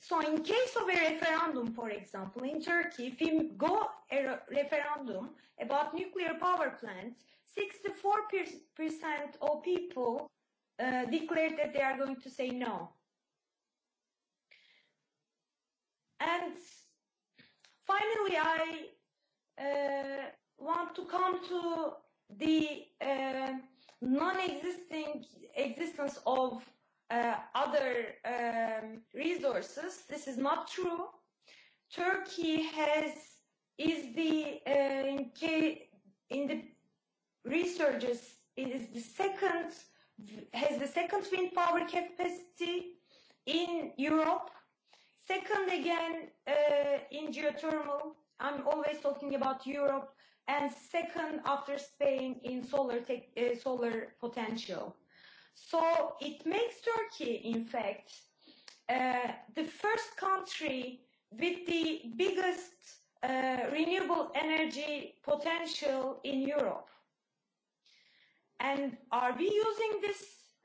So in case of a referendum, for example, in Turkey, if we go a re- referendum about nuclear power plants, 64% of people uh, declared that they are going to say no. And finally, I uh, want to come to the uh, non-existing existence of uh, other um, resources. This is not true. Turkey has is the uh, in, K, in the researches is the second has the second wind power capacity in Europe Second, again, uh, in geothermal, I'm always talking about Europe, and second after Spain in solar tech, uh, solar potential. So it makes Turkey, in fact, uh, the first country with the biggest uh, renewable energy potential in Europe. And are we using this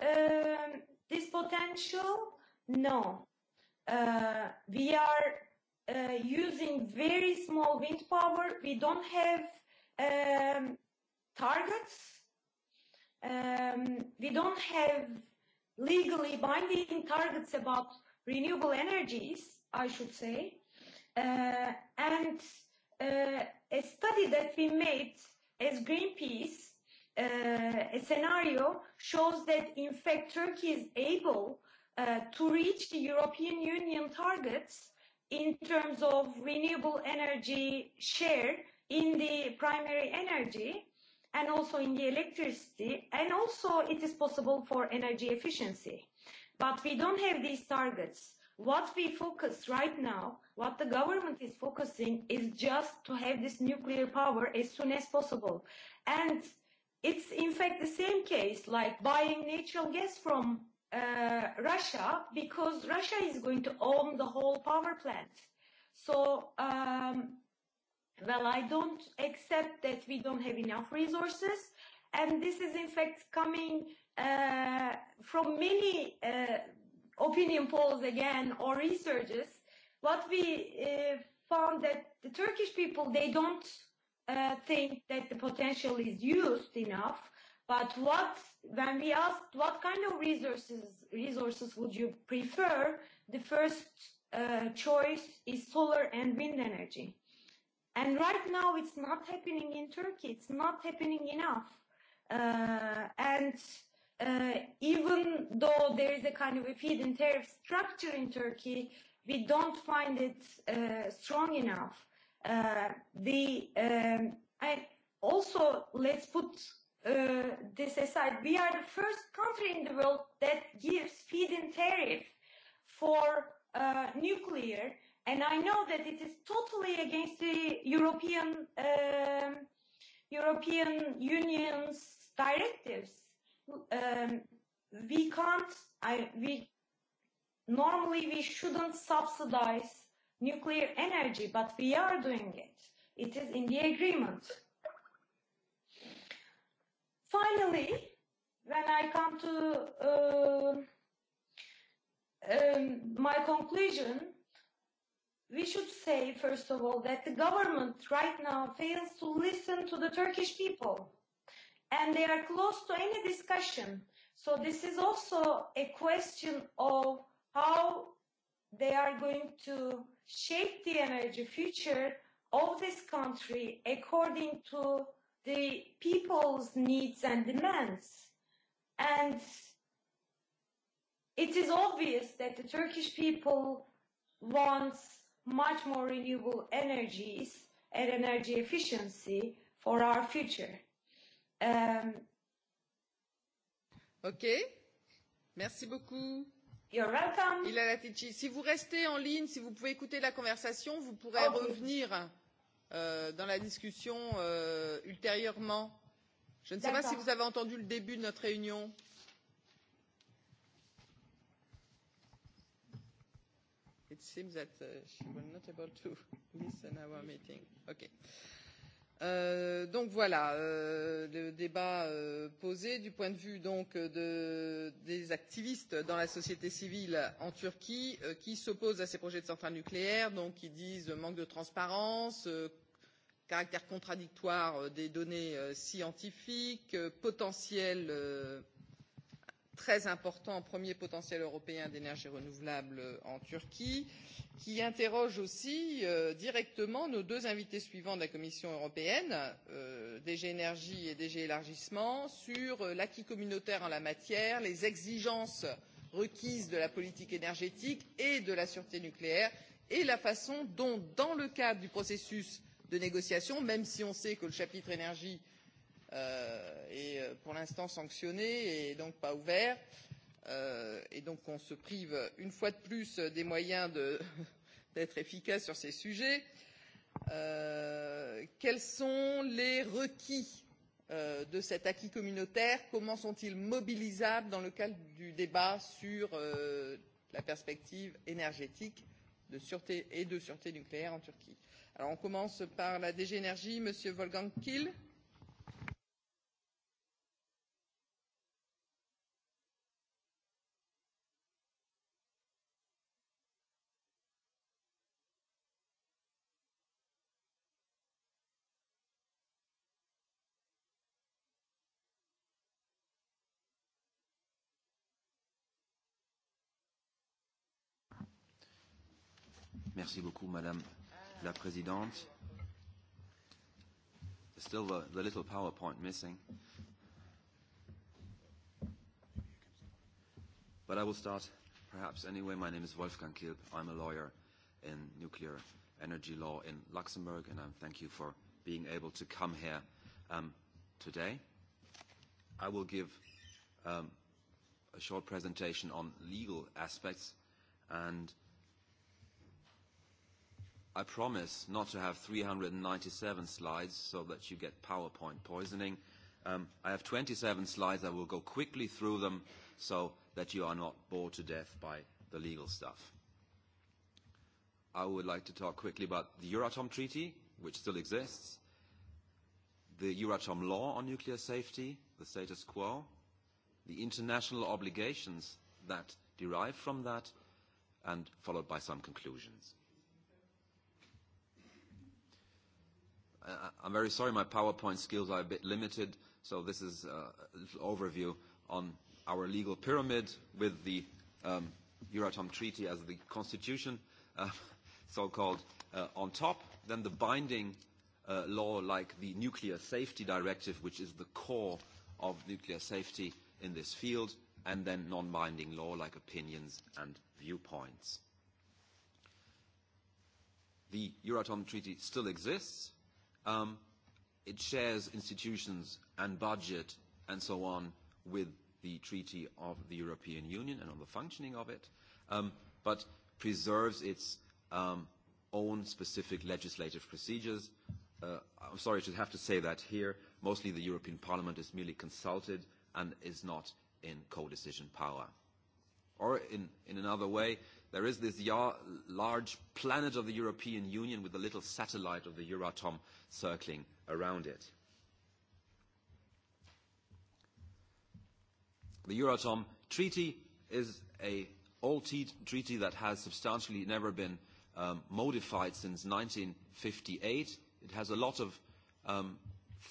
um, this potential? No uh, we are uh, using very small wind power. We don't have um, targets. Um, we don't have legally binding targets about renewable energies, I should say. Uh, and uh, a study that we made as Greenpeace, uh, a scenario shows that in fact Turkey is able uh, to reach the European Union targets in terms of renewable energy share in the primary energy and also in the electricity and also it is possible for energy efficiency but we don't have these targets what we focus right now what the government is focusing is just to have this nuclear power as soon as possible and it's in fact the same case like buying natural gas from uh, Russia because Russia is going to own the whole power plant. So, um, well, I don't accept that we don't have enough resources. And this is in fact coming uh, from many uh, opinion polls again or researches. What we uh, found that the Turkish people, they don't uh, think that the potential is used enough But what, when we asked what kind of resources, resources would you prefer, the first uh, choice is solar and wind energy. And right now it's not happening in Turkey. It's not happening enough. Uh, and uh, even though there is a kind of a feed-in tariff structure in Turkey, we don't find it uh, strong enough. Uh, the um, I also let's put uh, this aside, we are the first country in the world that gives feed-in tariff for uh, nuclear, and I know that it is totally against the European um, European Union's directives. Um, we can't. I we normally we shouldn't subsidize nuclear energy, but we are doing it. It is in the agreement. Finally, when I come to uh, um, my conclusion, we should say, first of all, that the government right now fails to listen to the Turkish people. And they are close to any discussion. So this is also a question of how they are going to shape the energy future of this country according to the people's needs and demands. And it is obvious that the Turkish people wants much more renewable energies and energy efficiency for our future. Um, okay. Merci beaucoup. You're welcome. Il a la Si vous restez en ligne, si vous pouvez écouter la conversation, vous pourrez oh, revenir. Oui Euh, dans la discussion euh, ultérieurement. Je ne sais pas si vous avez entendu le début de notre réunion. It seems that euh, she was not able to listen our meeting. Okay. Euh, donc voilà euh, le débat euh, posé du point de vue donc de, des activistes dans la société civile en Turquie euh, qui s'opposent à ces projets de centrales nucléaires donc qui disent manque de transparence euh, caractère contradictoire euh, des données euh, scientifiques euh, potentiel très important premier potentiel européen d'énergies renouvelables en turquie qui interroge aussi directement nos deux invités suivants de la commission européenne dg énergie et dg élargissement sur l'acquis communautaire en la matière les exigences requises de la politique énergétique et de la sûreté nucléaire et la façon dont dans le cadre du processus de négociation même si on sait que le chapitre énergie euh, est euh, pour l'instant sanctionné et donc pas ouvert euh, et donc on se prive une fois de plus des moyens d'être de, efficace sur ces sujets. Euh, quels sont les requis euh, de cet acquis communautaire comment sont ils mobilisables dans le cadre du débat sur euh, la perspective énergétique de sûreté et de sûreté nucléaire en Turquie? Alors on commence par la DG Énergie, Monsieur Wolfgang Kiel. Merci beaucoup, Madame la présidente. There's still the, the little PowerPoint missing. But I will start perhaps anyway. My name is Wolfgang Kilp. I'm a lawyer in nuclear energy law in Luxembourg, and I thank you for being able to come here um, today. I will give um, a short presentation on legal aspects and – i promise not to have 397 slides so that you get PowerPoint poisoning. Um, I have 27 slides. I will go quickly through them so that you are not bored to death by the legal stuff. I would like to talk quickly about the Euratom Treaty, which still exists, the Euratom law on nuclear safety, the status quo, the international obligations that derive from that, and followed by some conclusions. I'm very sorry my PowerPoint skills are a bit limited, so this is a uh, little overview on our legal pyramid with the um, Euratom Treaty as the constitution, uh, so-called, uh, on top, then the binding uh, law like the Nuclear Safety Directive, which is the core of nuclear safety in this field, and then non-binding law like opinions and viewpoints. The Euratom Treaty still exists. Um, it shares institutions and budget and so on with the Treaty of the European Union and on the functioning of it, um, but preserves its um, own specific legislative procedures. Uh, I'm sorry, I should have to say that here. Mostly the European Parliament is merely consulted and is not in co-decision power. Or in, in another way, there is this large planet of the European Union with a little satellite of the Euratom circling around it. The Euratom Treaty is an old treaty that has substantially never been um, modified since 1958. It has a lot of um,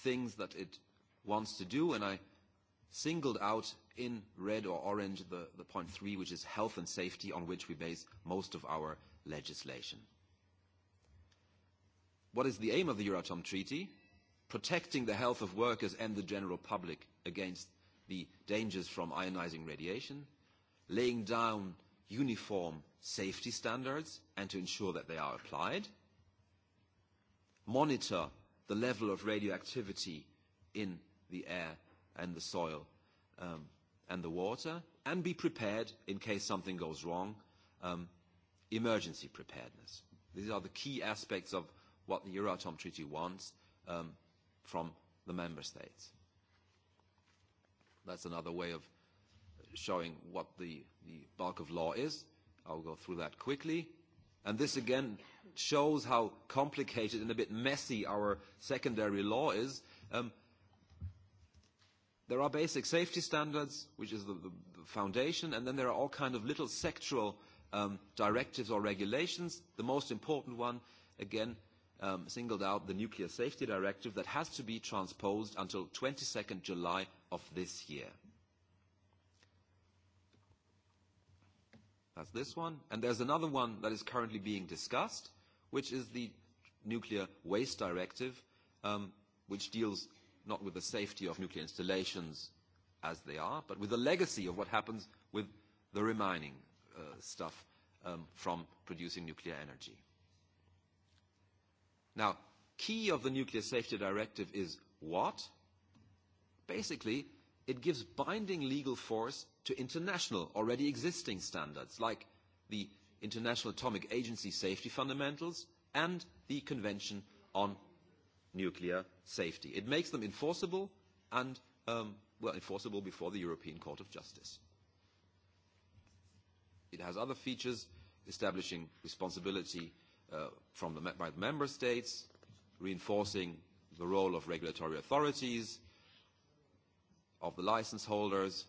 things that it wants to do, and I singled out in red or orange the, the point three, which is health and safety, on which we base most of our legislation. What is the aim of the Euratom Treaty? Protecting the health of workers and the general public against the dangers from ionizing radiation, laying down uniform safety standards and to ensure that they are applied, monitor the level of radioactivity in the air and the soil um, and the water and be prepared in case something goes wrong, um, emergency preparedness. These are the key aspects of what the Euratom Treaty wants um, from the member states. That's another way of showing what the, the bulk of law is. I'll go through that quickly. And this again shows how complicated and a bit messy our secondary law is. Um, There are basic safety standards, which is the, the, the foundation, and then there are all kind of little sectoral um, directives or regulations. The most important one, again, um, singled out the Nuclear Safety Directive that has to be transposed until 22nd July of this year. That's this one. And there's another one that is currently being discussed, which is the Nuclear Waste Directive, um, which deals not with the safety of nuclear installations as they are, but with the legacy of what happens with the remaining uh, stuff um, from producing nuclear energy. Now, key of the Nuclear Safety Directive is what? Basically, it gives binding legal force to international, already existing standards, like the International Atomic Agency Safety Fundamentals and the Convention on nuclear safety. It makes them enforceable and, um, well, enforceable before the European Court of Justice. It has other features establishing responsibility uh, from the, by the member states, reinforcing the role of regulatory authorities, of the license holders,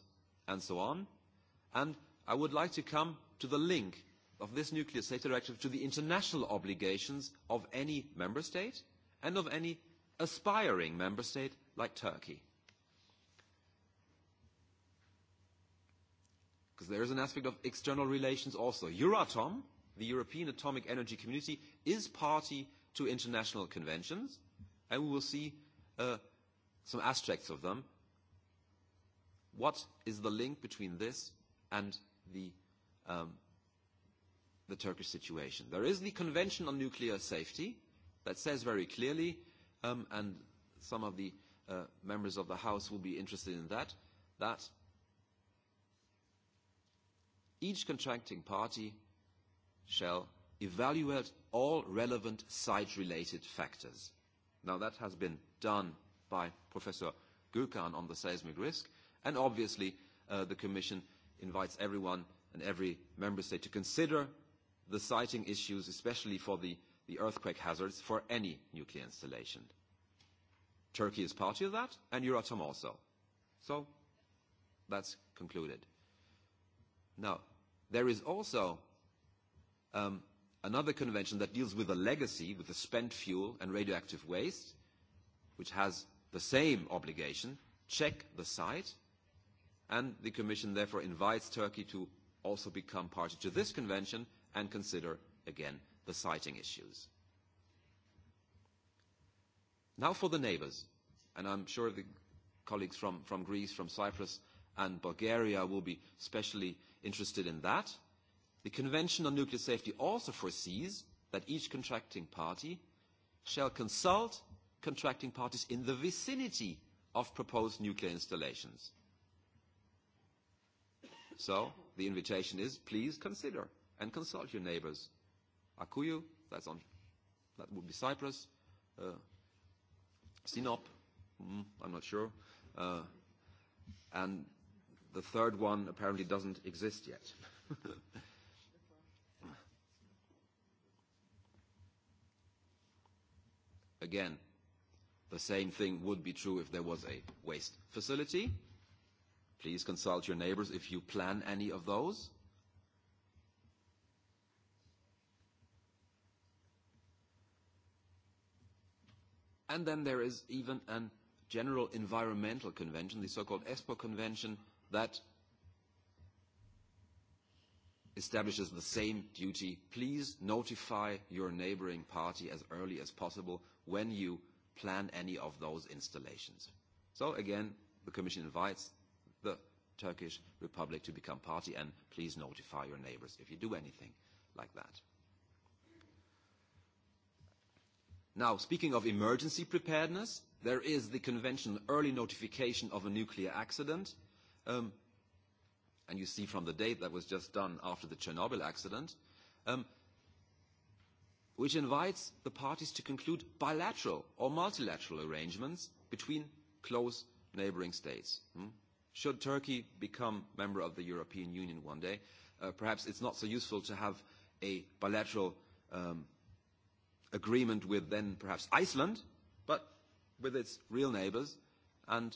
and so on. And I would like to come to the link of this nuclear safety directive to the international obligations of any member state and of any aspiring member state like Turkey. Because there is an aspect of external relations also. Euratom, the European Atomic Energy Community, is party to international conventions, and we will see uh, some aspects of them. What is the link between this and the, um, the Turkish situation? There is the Convention on Nuclear Safety, that says very clearly, um, and some of the uh, members of the House will be interested in that, that each contracting party shall evaluate all relevant site-related factors. Now that has been done by Professor Gurkhan on the seismic risk, and obviously uh, the Commission invites everyone and every member state to consider the siting issues, especially for the the earthquake hazards for any nuclear installation. Turkey is party to that, and Euratom also. So that's concluded. Now, there is also um, another convention that deals with the legacy, with the spent fuel and radioactive waste, which has the same obligation, check the site, and the Commission therefore invites Turkey to also become party to this convention and consider again the siting issues. Now for the neighbours, and I'm sure the colleagues from, from Greece, from Cyprus and Bulgaria will be especially interested in that. The Convention on Nuclear Safety also foresees that each contracting party shall consult contracting parties in the vicinity of proposed nuclear installations. So the invitation is please consider and consult your neighbours Akuyu, that's on, that would be Cyprus, uh, Sinop, mm, I'm not sure, uh, and the third one apparently doesn't exist yet. Again, the same thing would be true if there was a waste facility. Please consult your neighbors if you plan any of those. And then there is even a general environmental convention, the so-called ESPO convention, that establishes the same duty. Please notify your neighboring party as early as possible when you plan any of those installations. So again, the Commission invites the Turkish Republic to become party and please notify your neighbors if you do anything like that. Now, speaking of emergency preparedness, there is the convention early notification of a nuclear accident. Um, and you see from the date that was just done after the Chernobyl accident, um, which invites the parties to conclude bilateral or multilateral arrangements between close neighboring states. Hmm? Should Turkey become member of the European Union one day, uh, perhaps it's not so useful to have a bilateral um, agreement with then perhaps Iceland, but with its real neighbors. And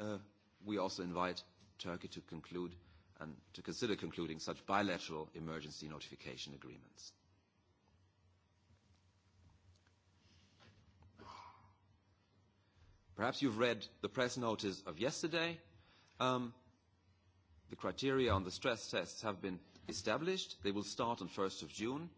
uh, we also invite Turkey to conclude and to consider concluding such bilateral emergency notification agreements. Perhaps you've read the press notice of yesterday. Um, the criteria on the stress tests have been established. They will start on 1st of June.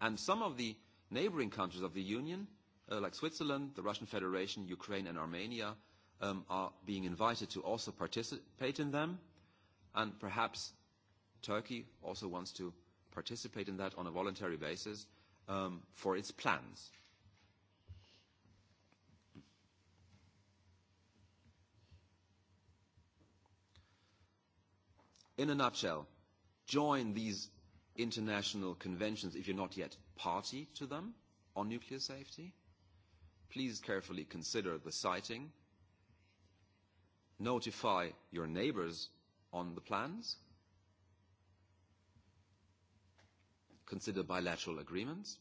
And some of the neighboring countries of the Union, uh, like Switzerland, the Russian Federation, Ukraine, and Armenia, um, are being invited to also participate in them. And perhaps Turkey also wants to participate in that on a voluntary basis um, for its plans. In a nutshell, join these international conventions if you're not yet party to them on nuclear safety. Please carefully consider the sighting. Notify your neighbors on the plans. Consider bilateral agreements.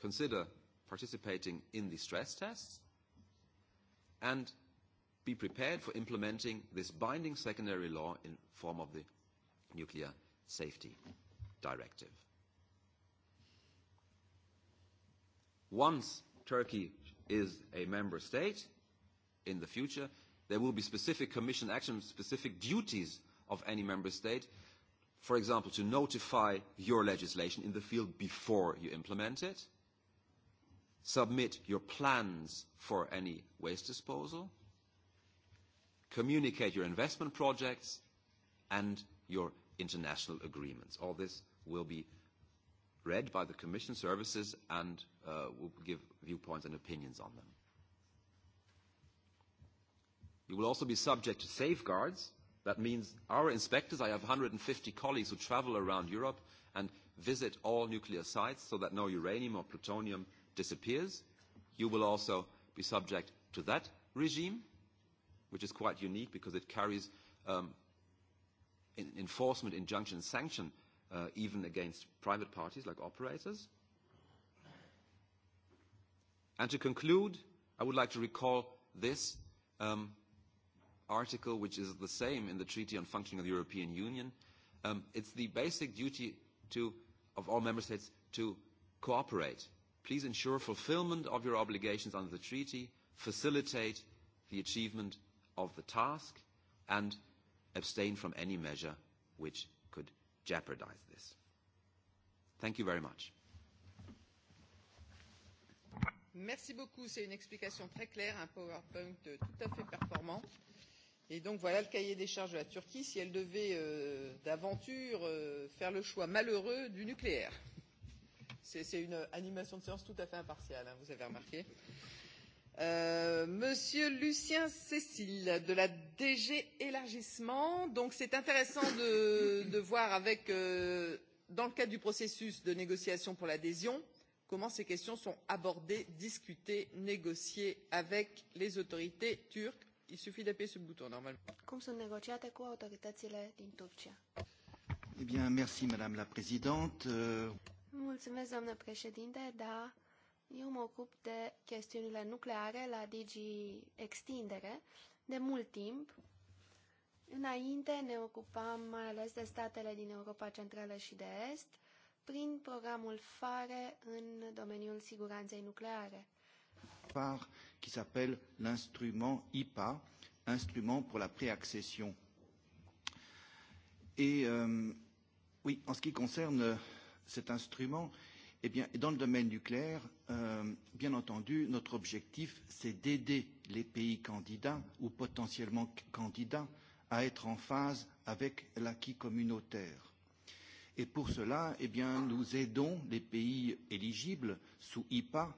Consider participating in the stress tests. And be prepared for implementing this binding secondary law in form of the nuclear safety directive. Once Turkey is a member state in the future, there will be specific commission action, specific duties of any member state, for example, to notify your legislation in the field before you implement it, submit your plans for any waste disposal, communicate your investment projects and your international agreements. All this will be read by the Commission services and uh, will give viewpoints and opinions on them. You will also be subject to safeguards. That means our inspectors, I have 150 colleagues who travel around Europe and visit all nuclear sites so that no uranium or plutonium disappears. You will also be subject to that regime, which is quite unique because it carries um, enforcement, injunction, sanction uh, even against private parties like operators. And to conclude, I would like to recall this um, article, which is the same in the Treaty on Functioning of the European Union. Um, it's the basic duty to, of all member states to cooperate. Please ensure fulfillment of your obligations under the treaty, facilitate the achievement of the task, and abstain from any measure which jeopardize this. Thank you very much. Merci beaucoup. C'est une explication très claire, un PowerPoint tout à fait performant. Et donc voilà le cahier des charges de la Turquie si elle devait euh, d'aventure euh, faire le choix malheureux du nucléaire. C'est une animation de séance tout à fait impartiale, hein, vous avez remarqué. Euh, Euh, Monsieur Lucien Cécile de la DG Élargissement. Donc c'est intéressant de, voir avec, euh, dans le cadre du processus de négociation pour l'adhésion, comment ces questions sont abordées, discutées, négociées avec les autorités turques. Il suffit d'appuyer ce bouton normalement. Cum sunt negociate cu autoritățile din Turcia? Eh bien, merci Madame la Présidente. Euh, Mulțumesc, doamnă da, Eu mă ocup de chestiunile nucleare la Digi Extindere de mult timp. Înainte ne ocupam mai ales de statele din Europa Centrală și de Est prin programul FARE în domeniul siguranței nucleare. FARE, qui s'appelle l'instrument IPA, instrument pour la préaccession. Et euh, oui, en ce qui concerne cet instrument, euh, Eh bien, dans le domaine nucléaire, euh, bien entendu, notre objectif, c'est d'aider les pays candidats ou potentiellement candidats à être en phase avec l'acquis communautaire. Et pour cela, eh bien, nous aidons les pays éligibles sous IPA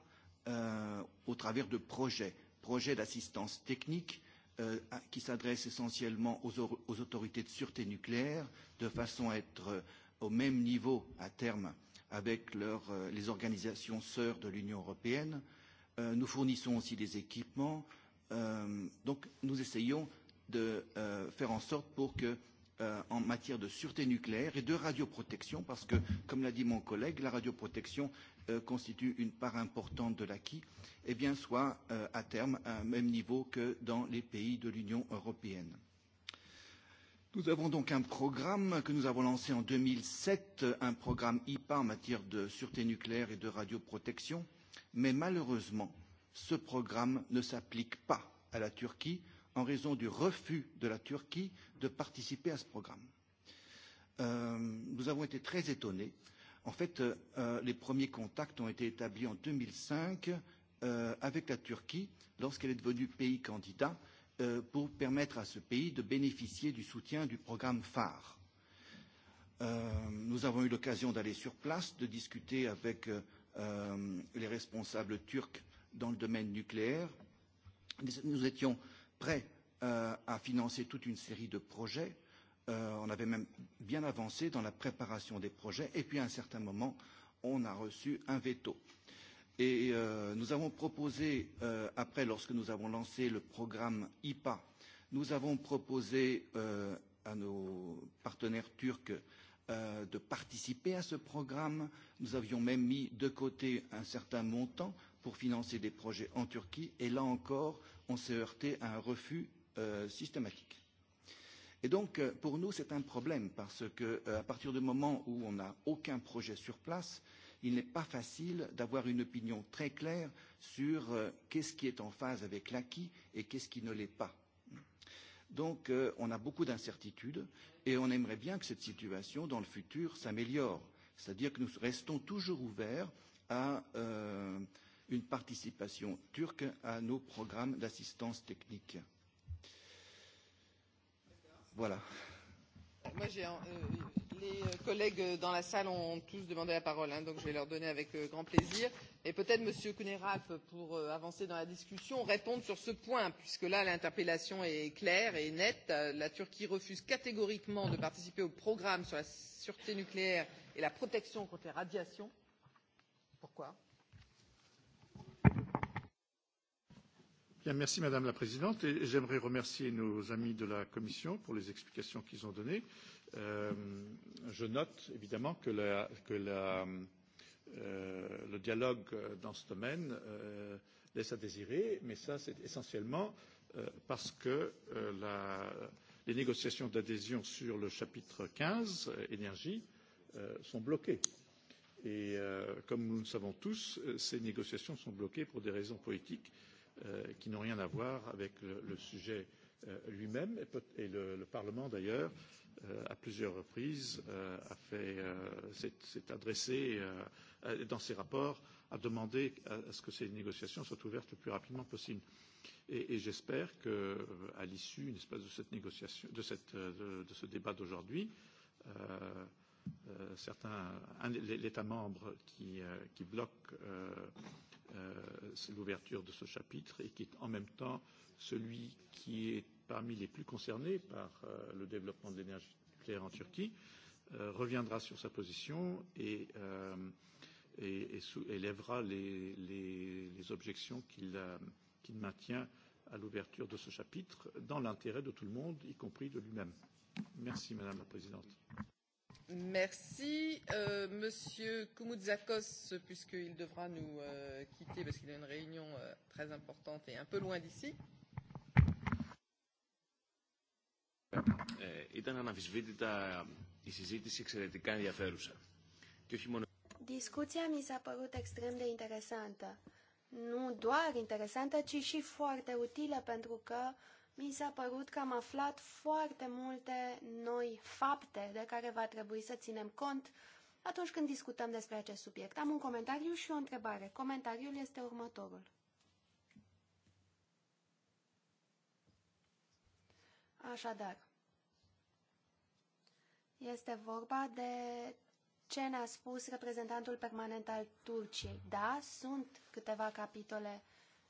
euh, au travers de projets, projets d'assistance technique euh, qui s'adressent essentiellement aux, aux autorités de sûreté nucléaire de façon à être euh, au même niveau à terme euh, avec leur, euh, les organisations sœurs de l'Union européenne. Euh, nous fournissons aussi des équipements. Euh, donc nous essayons de euh, faire en sorte pour que, euh, en matière de sûreté nucléaire et de radioprotection, parce que, comme l'a dit mon collègue, la radioprotection euh, constitue une part importante de l'acquis, eh bien, soit euh, à terme à un même niveau que dans les pays de l'Union européenne. Nous avons donc un programme que nous avons lancé en 2007, un programme IPA en matière de sûreté nucléaire et de radioprotection, mais malheureusement, ce programme ne s'applique pas à la Turquie en raison du refus de la Turquie de participer à ce programme. Euh, nous avons été très étonnés. En fait, euh, euh les premiers contacts ont été établis en 2005 euh, avec la Turquie lorsqu'elle est devenue pays candidat Euh, pour permettre à ce pays de bénéficier du soutien du programme phare. Euh, nous avons eu l'occasion d'aller sur place, de discuter avec euh, euh les responsables turcs dans le domaine nucléaire. Nous étions prêts euh, à financer toute une série de projets. Euh, on avait même bien avancé dans la préparation des projets. Et puis, à un certain moment, on a reçu un veto. Euh, Et euh, nous avons proposé, euh, après, lorsque nous avons lancé le programme IPA, nous avons proposé euh, à nos partenaires turcs euh, de participer à ce programme. Nous avions même mis de côté un certain montant pour financer des projets en Turquie. Et là encore, on s'est heurté à un refus euh, systématique. Et donc, euh, pour nous, c'est un problème parce que, euh, à partir du moment où on n'a aucun projet sur place, il n'est pas facile d'avoir une opinion très claire sur euh, qu'est-ce qui est en phase avec l'acquis et qu'est-ce qui ne l'est pas. Donc euh, on a beaucoup d'incertitudes et on aimerait bien que cette situation dans le futur s'améliore. C'est-à-dire que nous restons toujours ouverts à euh, une participation turque à nos programmes d'assistance technique. Voilà. Moi, j'ai un, euh, les euh, collègues euh, dans la salle ont tous demandé la parole, hein, donc je vais leur donner avec euh, grand plaisir. Et peut-être Monsieur Kunerap, pour avancer dans la discussion, répondre sur ce point, puisque là l'interpellation est claire et nette. La Turquie refuse catégoriquement de participer au programme sur la sûreté nucléaire et la protection contre les radiations. Pourquoi Bien, merci Madame la Présidente et j'aimerais remercier nos amis de la Commission pour les explications qu'ils ont données. Euh, je note évidemment que, la, que la, euh, le dialogue dans ce domaine euh, laisse à désirer, mais ça c'est essentiellement euh, parce que euh, la, les négociations d'adhésion sur le chapitre 15, euh, énergie, euh, sont bloquées. Et euh, comme nous le savons tous, euh, ces négociations sont bloquées pour des raisons politiques euh, qui n'ont rien à voir avec le, le sujet euh, lui-même. Et, et le, le Parlement, d'ailleurs, euh, euh, à plusieurs reprises, euh, a fait, euh, s'est adressé euh, dans ses rapports a demandé à, à ce que ces négociations soient ouvertes le plus rapidement possible. Et, et j'espère que, euh, à l'issue, une espèce de cette négociation, de, cette, euh, de, de ce débat d'aujourd'hui, euh, euh, certains, l'État membre qui, euh, qui bloque euh, euh, l'ouverture de ce chapitre et qui est en même temps celui qui est parmi les plus concernés par euh, le développement de l'énergie nucléaire en Turquie, euh, reviendra sur sa position et, euh, et, et, sous, les, les, les objections qu'il euh, qu maintient à l'ouverture de ce chapitre, dans l'intérêt de tout le monde, y compris de lui-même. Merci, Madame la Présidente. Merci. Euh, Monsieur Koumoudzakos, puisqu'il devra nous euh, quitter parce qu'il a une réunion euh, très importante et un peu loin d'ici. Euh, Ήταν αναμφισβήτητα η συζήτηση εξαιρετικά ενδιαφέρουσα. Και όχι μόνο... Discuția mi s-a părut extrem de interesantă. Nu doar interesantă, ci și foarte utilă, pentru că mi s-a părut că am aflat foarte multe noi fapte de care va trebui să ținem cont atunci când discutăm despre acest subiect. Am un comentariu și o întrebare. Comentariul este următorul. Așadar, Este vorba de ce ne-a spus reprezentantul permanent al Turciei. Da, sunt câteva capitole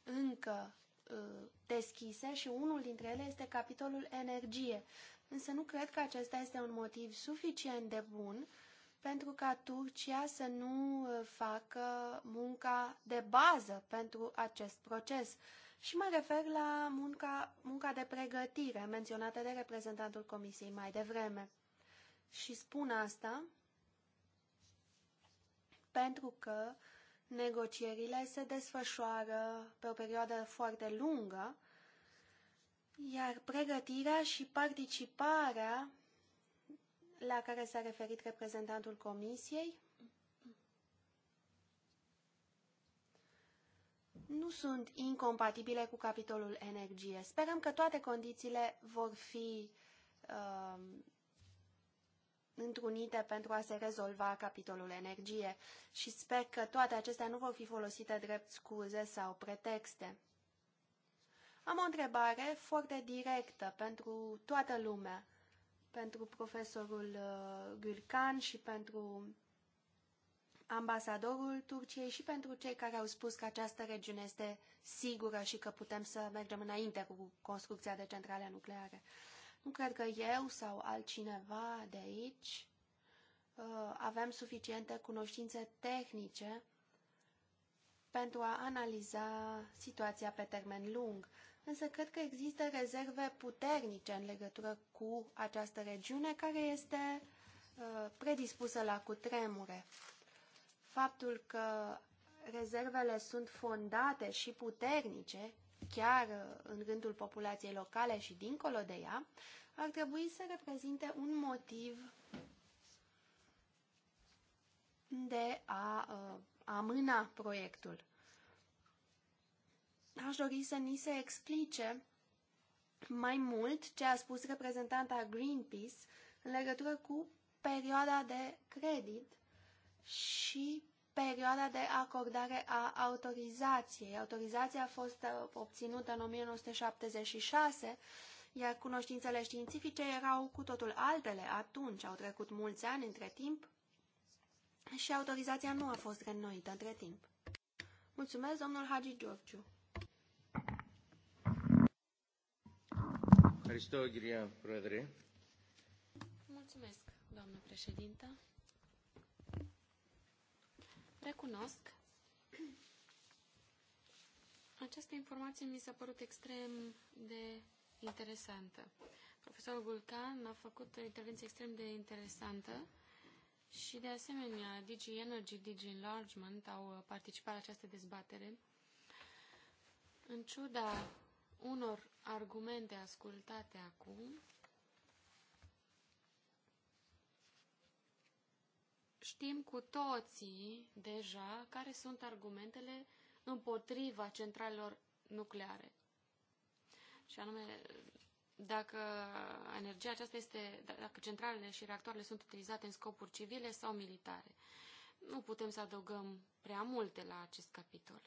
încă uh, deschise și unul dintre ele este capitolul energie. Însă nu cred că acesta este un motiv suficient de bun pentru ca Turcia să nu uh, facă munca de bază pentru acest proces. Și mă refer la munca, munca de pregătire menționată de reprezentantul Comisiei mai devreme. Și spun asta pentru că negocierile se desfășoară pe o perioadă foarte lungă, iar pregătirea și participarea la care s-a referit reprezentantul Comisiei nu sunt incompatibile cu capitolul energie. Sperăm că toate condițiile vor fi uh, întrunite pentru a se rezolva capitolul energie și sper că toate acestea nu vor fi folosite drept scuze sau pretexte. Am o întrebare foarte directă pentru toată lumea, pentru profesorul uh, Gülkan și pentru ambasadorul Turciei și pentru cei care au spus că această regiune este sigură și că putem să mergem înainte cu construcția de centrale nucleare. Uh, Nu cred că eu sau altcineva de aici uh, avem suficiente cunoștințe tehnice pentru a analiza situația pe termen lung. Însă cred că există rezerve puternice în legătură cu această regiune care este uh, predispusă la cutremure. Faptul că rezervele sunt fondate și puternice chiar uh, în rândul populației locale și dincolo de ea, ar trebui să reprezinte un motiv de a uh, amâna proiectul. Aș dori să ni se explice mai mult ce a spus reprezentanta Greenpeace în legătură cu perioada de credit și perioada de acordare a autorizației. Autorizația a fost uh, obținută în 1976, iar cunoștințele științifice erau cu totul altele atunci, au trecut mulți ani între timp și autorizația nu a fost reînnoită între timp. Mulțumesc, domnul Hagi Georgiu. Mulțumesc, doamnă președintă. Recunosc, această informație mi s-a părut extrem de interesantă. Profesorul Gulcan a făcut o intervenție extrem de interesantă și, de asemenea, Digi Energy, Digi Enlargement au participat la această dezbatere. În ciuda unor argumente ascultate acum, Știm cu toții deja care sunt argumentele împotriva centralelor nucleare. Și anume, dacă energia aceasta este, dacă centralele și reactoarele sunt utilizate în scopuri civile sau militare. Nu putem să adăugăm prea multe la acest capitol.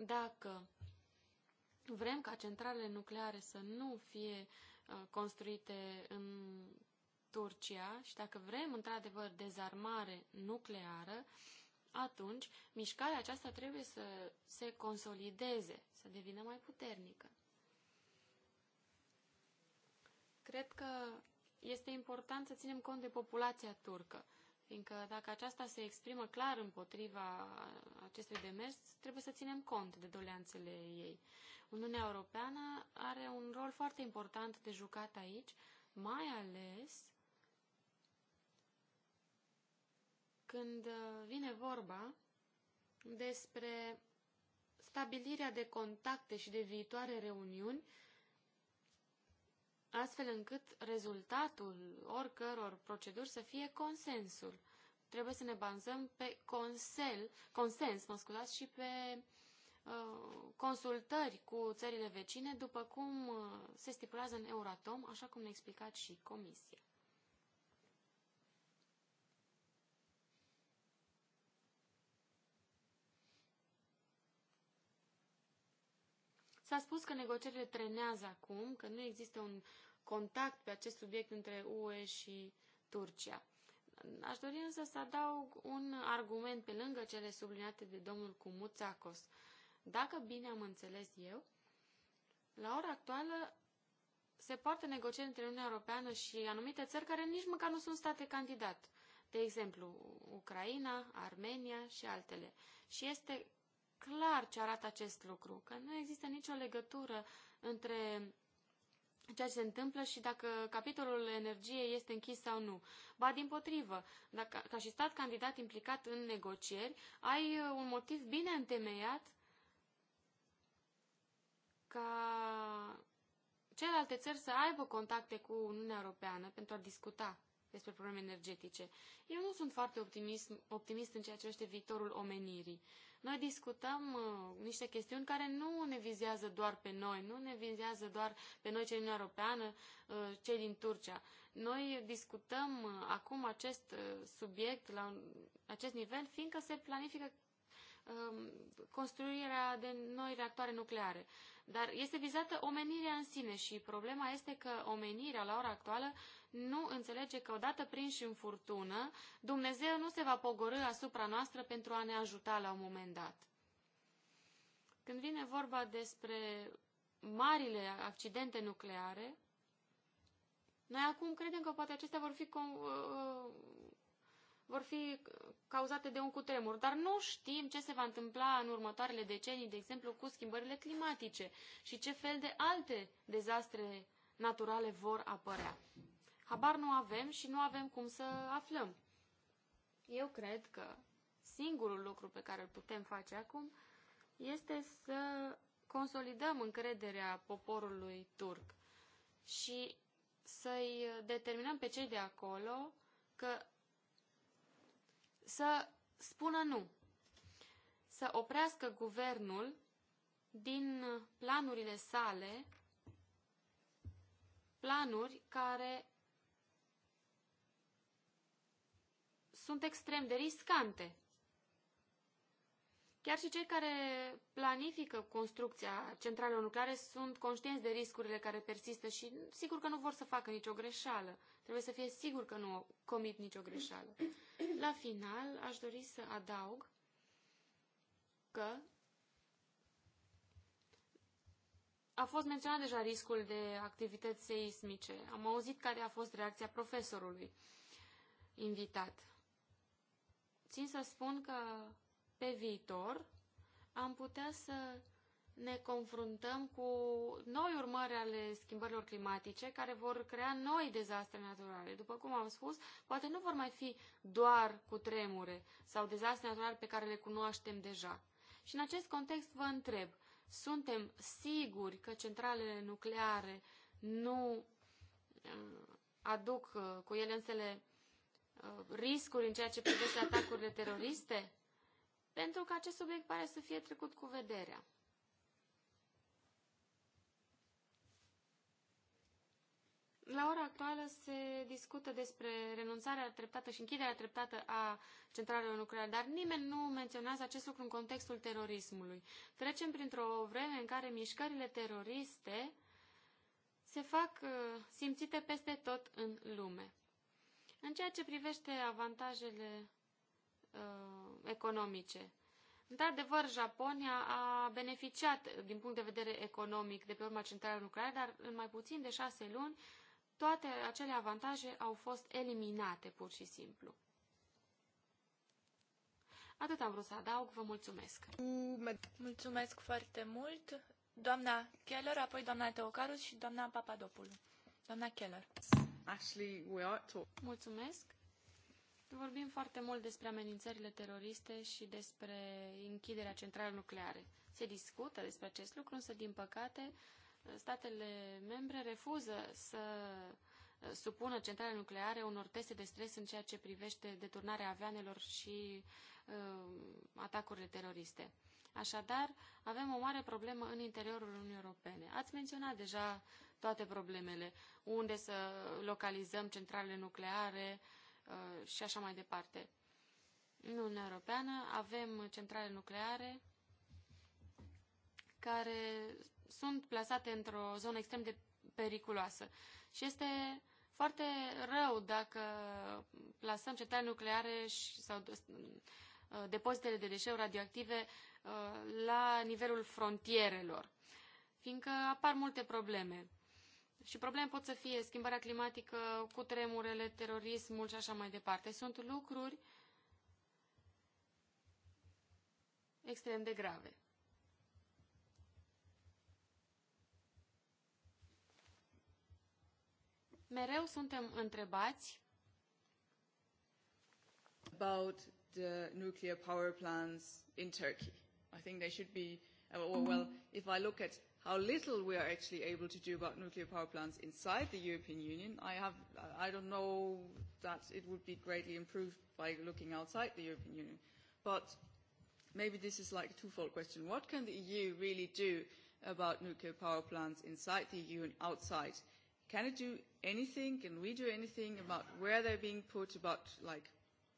Dacă vrem ca centralele nucleare să nu fie uh, construite în Turcia și dacă vrem într-adevăr dezarmare nucleară, atunci mișcarea aceasta trebuie să se consolideze, să devină mai puternică. Cred că este important să ținem cont de populația turcă. Fiindcă dacă aceasta se exprimă clar împotriva acestui demers, trebuie să ținem cont de doleanțele ei. Uniunea Europeană are un rol foarte important de jucat aici, mai ales când uh, vine vorba despre stabilirea de contacte și de viitoare reuniuni astfel încât rezultatul oricăror proceduri să fie consensul. Trebuie să ne bazăm pe consel, consens mă scuzați, și pe uh, consultări cu țările vecine, după cum uh, se stipulează în Euratom, așa cum ne-a explicat și Comisia. S-a spus că negocierile trenează acum, că nu există un contact pe acest subiect între UE și Turcia. Aș dori însă să adaug un argument pe lângă cele subliniate de domnul Cumuțacos. Dacă bine am înțeles eu, la ora actuală se poartă negocieri între Uniunea Europeană și anumite țări care nici măcar nu sunt state candidat, de exemplu Ucraina, Armenia și altele. Și este clar ce arată acest lucru, că nu există nicio legătură între ceea ce se întâmplă și dacă capitolul energie este închis sau nu. Ba din potrivă, dacă, ca și stat candidat implicat în negocieri, ai un motiv bine întemeiat ca celelalte țări să aibă contacte cu Uniunea Europeană pentru a discuta despre probleme energetice. Eu nu sunt foarte optimist, optimist în ceea ce este viitorul omenirii. Uh, Noi discutăm uh, niște chestiuni care nu ne vizează doar pe noi, nu ne vizează doar pe noi, cei din Europeană, uh, cei din Turcia. Noi discutăm uh, acum acest uh, subiect la un, acest nivel, fiindcă se planifică um, construirea de noi reactoare nucleare. Dar este vizată omenirea în sine și problema este că omenirea la ora actuală uh, nu înțelege că odată prinși în furtună, Dumnezeu nu se va pogorâ asupra noastră pentru a ne ajuta la un moment dat. Când vine vorba despre marile accidente nucleare, noi acum credem că poate acestea vor fi, uh, uh, vor fi cauzate de un cutremur, dar nu știm ce se va întâmpla în următoarele decenii, de exemplu, cu schimbările climatice și ce fel de alte dezastre naturale vor apărea habar nu avem și nu avem cum să aflăm. Eu cred că singurul lucru pe care îl putem face acum este să consolidăm încrederea poporului turc și să-i determinăm pe cei de acolo că să spună nu, să oprească guvernul din planurile sale, planuri care sunt extrem de riscante. Chiar și cei care planifică construcția centralelor nucleare sunt conștienți de riscurile care persistă și sigur că nu vor să facă nicio greșeală. Trebuie să fie sigur că nu comit nicio greșeală. La final, aș dori să adaug că a fost menționat deja riscul de activități seismice. Am auzit care a fost reacția profesorului invitat țin să spun că pe viitor am putea să ne confruntăm cu noi urmări ale schimbărilor climatice care vor crea noi dezastre naturale. După cum am spus, poate nu vor mai fi doar cu tremure sau dezastre naturale pe care le cunoaștem deja. Și în acest context vă întreb, suntem siguri că centralele nucleare nu uh, aduc uh, cu ele însele Uh, riscuri în ceea ce privește atacurile teroriste? Pentru că acest subiect pare să fie trecut cu vederea. La ora actuală se discută despre renunțarea treptată și închiderea treptată a centralelor nucleare, dar nimeni nu menționează acest lucru în contextul terorismului. Trecem printr-o vreme în care mișcările teroriste se fac uh, simțite peste tot în lume. În ceea ce privește avantajele uh, economice, Într-adevăr, Japonia a beneficiat din punct de vedere economic de pe urma centralei nucleare, dar în mai puțin de șase luni toate acele avantaje au fost eliminate pur și simplu. Atât am vrut să adaug, vă mulțumesc. Mulțumesc foarte mult, doamna Keller, apoi doamna Teocarus și doamna Papadopoulou. Doamna Keller. Ashley, we are talk- Mulțumesc. Vorbim foarte mult despre amenințările teroriste și despre închiderea centralei nucleare. Se discută despre acest lucru, însă, din păcate, statele membre refuză să uh, supună centrale nucleare unor teste de stres în ceea ce privește deturnarea avianelor și uh, atacurile teroriste. Așadar, avem o mare problemă în interiorul Uniunii Europene. Ați menționat deja uh, toate problemele, unde să localizăm centrale nucleare uh, și așa mai departe. În Uniunea Europeană avem centrale nucleare care sunt plasate într-o zonă extrem de periculoasă și este foarte rău dacă plasăm centrale nucleare și, sau uh, depozitele de deșeuri radioactive uh, la nivelul frontierelor, fiindcă apar multe probleme. Și probleme pot să fie schimbarea climatică, cu tremurele, terorismul și așa mai departe. Sunt lucruri extrem de grave. Mereu suntem întrebați about the nuclear power plants in Turkey. I think they should be, or uh, well, if I look at how little we are actually able to do about nuclear power plants inside the European Union. I, have, I don't know that it would be greatly improved by looking outside the European Union. But maybe this is like a twofold question. What can the EU really do about nuclear power plants inside the EU and outside? Can it do anything? Can we do anything about where they're being put, about like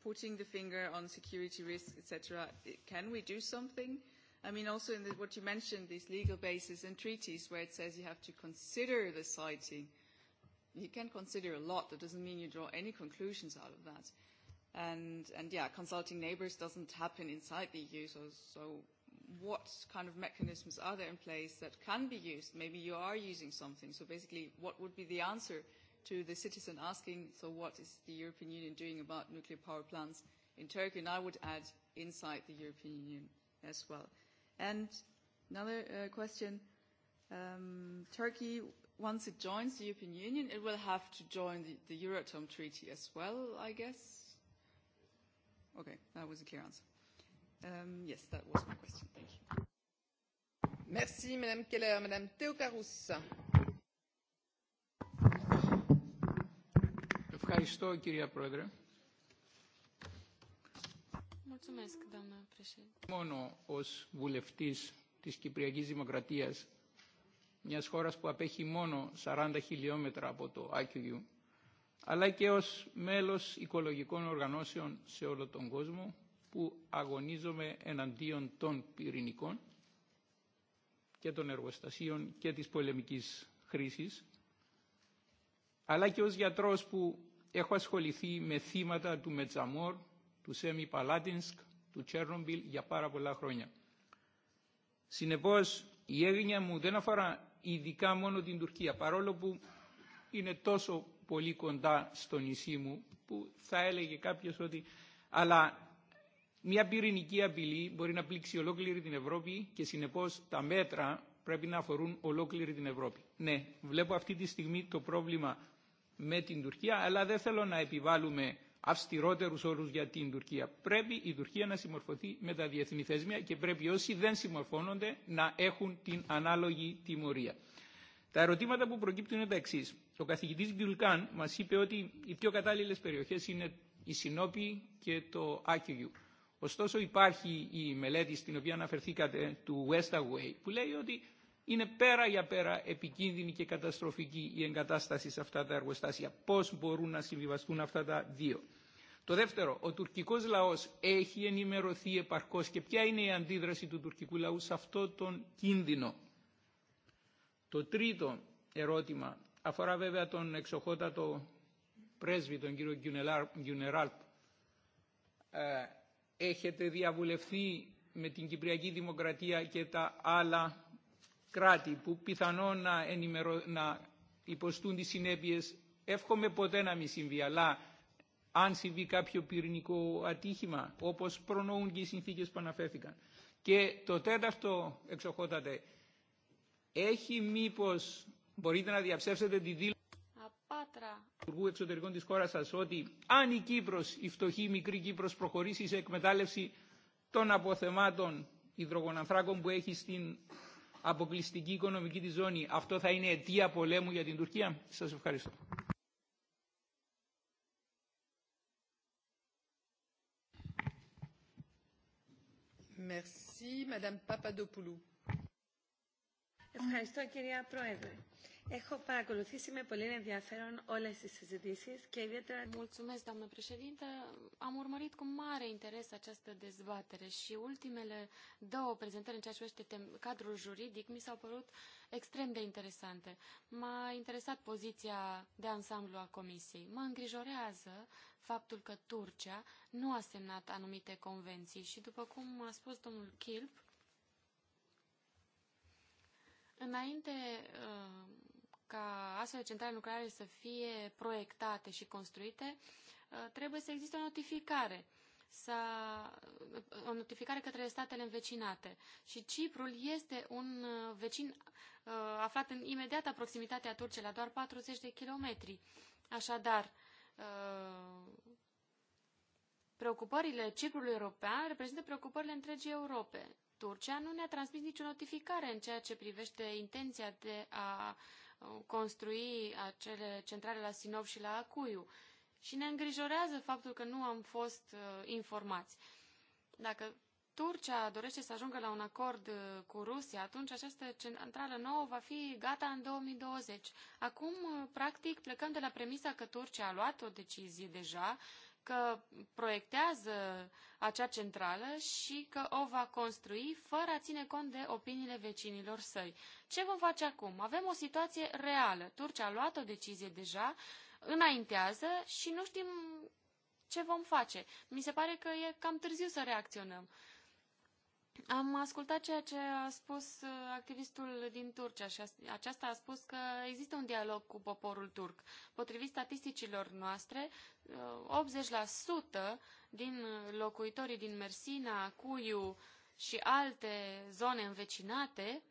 putting the finger on security risks, etc.? Can we do something? Uh, i mean, also in the, what you mentioned, these legal bases and treaties where it says you have to consider the sighting. You can consider a lot. That doesn't mean you draw any conclusions out of that. And, and yeah, consulting neighbors doesn't happen inside the EU. So, so what kind of mechanisms are there in place that can be used? Maybe you are using something. So basically, what would be the answer to the citizen asking, so what is the European Union doing about nuclear power plants in Turkey? And I would add inside the European Union as well. And another uh, question, um, Turkey, once it joins the European Union, it will have to join the, the Euratom Treaty as well, I guess? Okay, that was a clear answer. Um, yes, that was my question. Thank you. Merci, Madame Keller. Madame Theocarous. Ευχαριστώ, κυρία Πρόεδρε. Mulțumesc, doamna președinte. Μόνο ω βουλευτή τη Κυπριακή Δημοκρατία, μια χώρα που απέχει μόνο 40 χιλιόμετρα από το Άκυγιου, αλλά και ω μέλο οικολογικών οργανώσεων σε όλο τον κόσμο, που αγωνίζομαι εναντίον των πυρηνικών και των εργοστασίων και της πολεμικής χρήσης, αλλά και ως γιατρός που έχω ασχοληθεί με θύματα του Μετζαμόρ, του Σέμι Παλάτινσκ, του Τσέρνομπιλ για πάρα πολλά χρόνια. Συνεπώς η έγνοια μου δεν αφορά ειδικά μόνο την Τουρκία, παρόλο που είναι τόσο πολύ κοντά στο νησί μου που θα έλεγε κάποιος ότι... Αλλά μια πυρηνική απειλή μπορεί να πλήξει ολόκληρη την Ευρώπη και συνεπώς τα μέτρα πρέπει να αφορούν ολόκληρη την Ευρώπη. Ναι, βλέπω αυτή τη στιγμή το πρόβλημα με την Τουρκία, αλλά δεν θέλω να επιβάλλουμε αυστηρότερους όρους για την Τουρκία. Πρέπει η Τουρκία να συμμορφωθεί με τα διεθνή θέσμια και πρέπει όσοι δεν συμμορφώνονται να έχουν την ανάλογη τιμωρία. Τα ερωτήματα που προκύπτουν είναι τα εξή. Ο καθηγητή Γκιουλκάν μα είπε ότι οι πιο κατάλληλε περιοχέ είναι η Σινόπη και το Άκυγιου. Ωστόσο υπάρχει η μελέτη στην οποία αναφερθήκατε του Westaway που λέει ότι είναι πέρα για πέρα επικίνδυνη και καταστροφική η εγκατάσταση σε αυτά τα εργοστάσια. Πώς μπορούν να συμβιβαστούν αυτά τα δύο. Το δεύτερο, ο τουρκικός λαός έχει ενημερωθεί επαρκώς και ποια είναι η αντίδραση του τουρκικού λαού σε αυτό τον κίνδυνο. Το τρίτο ερώτημα αφορά βέβαια τον εξοχότατο πρέσβη, τον κύριο Γκιουνεράλπ. Έχετε διαβουλευθεί με την Κυπριακή Δημοκρατία και τα άλλα κράτη που πιθανό να, ενημερω... να υποστούν τις συνέπειες. Εύχομαι ποτέ να μην συμβεί, αλλά αν συμβεί κάποιο πυρηνικό ατύχημα, όπως προνοούν και οι συνθήκες που αναφέρθηκαν. Και το τέταρτο, εξοχότατε, έχει μήπως, μπορείτε να διαψεύσετε τη δήλωση του Υπουργού Εξωτερικών της χώρας σας ότι αν η Κύπρος, η φτωχή η μικρή Κύπρος προχωρήσει σε εκμετάλλευση των αποθεμάτων υδρογονανθράκων που έχει στην αποκλειστική οικονομική της ζώνη, αυτό θα είναι αιτία πολέμου για την Τουρκία. Σας ευχαριστώ. Merci, Madame Papadopoulou. Ευχαριστώ κυρία Πρόεδρε. Έχω παρακολουθήσει με πολύ ενδιαφέρον όλες τις συζητήσεις και ιδιαίτερα... Mulțumesc, doamnă președinte. Am urmărit cu mare interes această dezbatere și ultimele două prezentări în ceea ce privește cadrul juridic mi s-au părut extrem de interesante. M-a interesat poziția de ansamblu a Comisiei. Mă îngrijorează faptul că Turcia nu a semnat anumite convenții și, după cum a spus domnul Kilp, înainte uh, ca astfel de centrale nucleare să fie proiectate și construite, uh, trebuie să existe o notificare Să, uh, o notificare către statele învecinate. Și Ciprul este un uh, vecin aflat în imediata proximitate a Turciei, la doar 40 de kilometri. Așadar, preocupările Ciprului european reprezintă preocupările întregii Europe. Turcia nu ne-a transmis nicio notificare în ceea ce privește intenția de a uh, construi acele centrale la Sinov și la Acuiu. Și ne îngrijorează faptul că nu am fost uh, informați. Dacă Turcia dorește să ajungă la un acord uh, cu Rusia, atunci această centrală nouă va fi gata în 2020. Acum, uh, practic, plecăm de la premisa că Turcia a luat o decizie deja, că proiectează acea centrală și că o va construi fără a ține cont de opiniile vecinilor săi. Ce vom face acum? Avem o situație reală. Turcia a luat o decizie deja, înaintează și nu știm ce vom face. Mi se pare că e cam târziu să reacționăm. Am ascultat ceea ce a spus uh, activistul din Turcia și aceasta a spus că există un dialog cu poporul turc. Potrivit statisticilor noastre, 80% uh, din locuitorii din Mersina, Cuiu și alte zone învecinate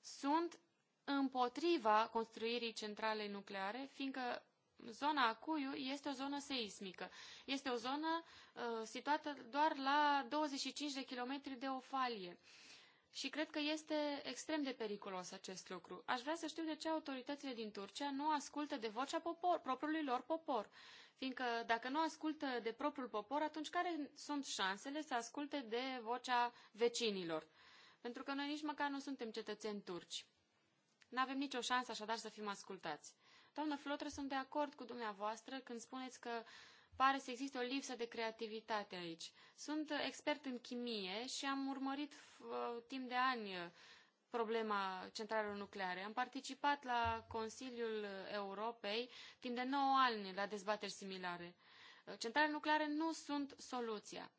sunt împotriva construirii centralei nucleare, fiindcă zona Acuiu este o zonă seismică. Este o zonă uh, situată doar la 25 de kilometri de o falie. Și cred că este extrem de periculos acest lucru. Aș vrea să știu de ce autoritățile din Turcia nu ascultă de vocea popor, propriului lor popor. Fiindcă dacă nu ascultă de propriul popor, atunci care sunt șansele să asculte de vocea vecinilor? Pentru că noi nici măcar nu suntem cetățeni turci. Nu avem nicio șansă așadar să fim ascultați. Doamnă Flotră, sunt de acord cu dumneavoastră când spuneți că pare să existe o lipsă de creativitate aici. Sunt uh, expert în chimie și am urmărit uh, timp de ani uh, problema centralelor nucleare. Am participat la Consiliul Europei timp de 9 ani la dezbateri similare. Centralele nucleare nu sunt soluția.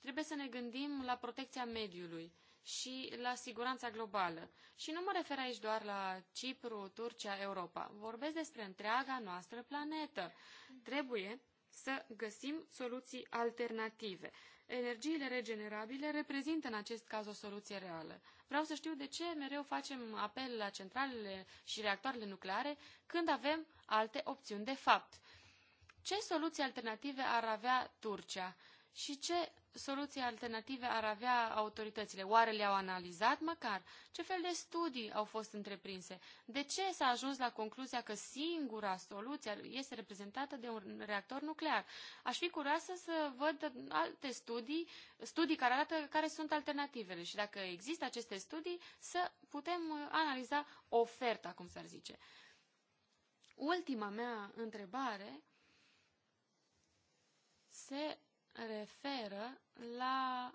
Trebuie să ne gândim la protecția mediului și la siguranța globală. Și nu mă refer aici doar la Cipru, Turcia, Europa. Vorbesc despre întreaga noastră planetă. Trebuie să găsim soluții alternative. Energiile regenerabile reprezintă în acest caz o soluție reală. Vreau să știu de ce mereu facem apel la centralele și reactoarele nucleare când avem alte opțiuni de fapt. Ce soluții alternative ar avea Turcia și ce soluții alternative ar avea autoritățile? Oare le-au analizat măcar? Ce fel de studii au fost întreprinse? De ce s-a ajuns la concluzia că singura soluție este reprezentată de un reactor nuclear? Aș fi curioasă să văd alte studii, studii care arată care sunt alternativele și dacă există aceste studii, să putem analiza oferta, cum s-ar zice. Ultima mea întrebare se referă la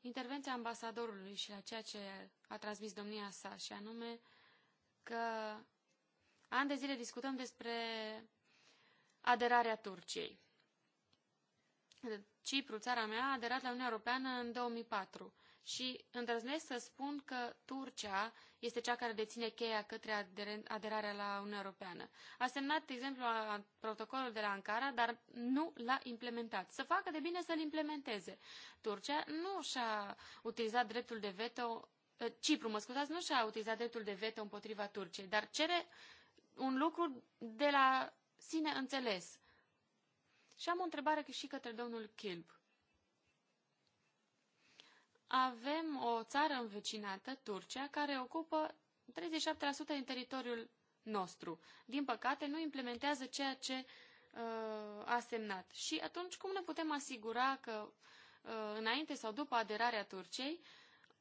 intervenția ambasadorului și la ceea ce a transmis domnia sa, și anume că ani de zile discutăm despre aderarea Turciei. Cipru, țara mea, a aderat la Uniunea Europeană în 2004 și îndrăznesc să spun că Turcia este cea care deține cheia către aderarea la Uniunea Europeană. A semnat, de exemplu, a, protocolul de la Ankara, dar nu l-a implementat. Să facă de bine să-l implementeze. Turcia nu și-a utilizat dreptul de veto, eh, Cipru, mă scuzați, nu și-a utilizat dreptul de veto împotriva Turciei, dar cere un lucru de la sine înțeles. Și am o întrebare și către domnul Kilp avem o țară învecinată, Turcia, care ocupă 37% din teritoriul nostru. Din păcate, nu implementează ceea ce uh, a semnat. Și atunci, cum ne putem asigura că uh, înainte sau după aderarea Turciei,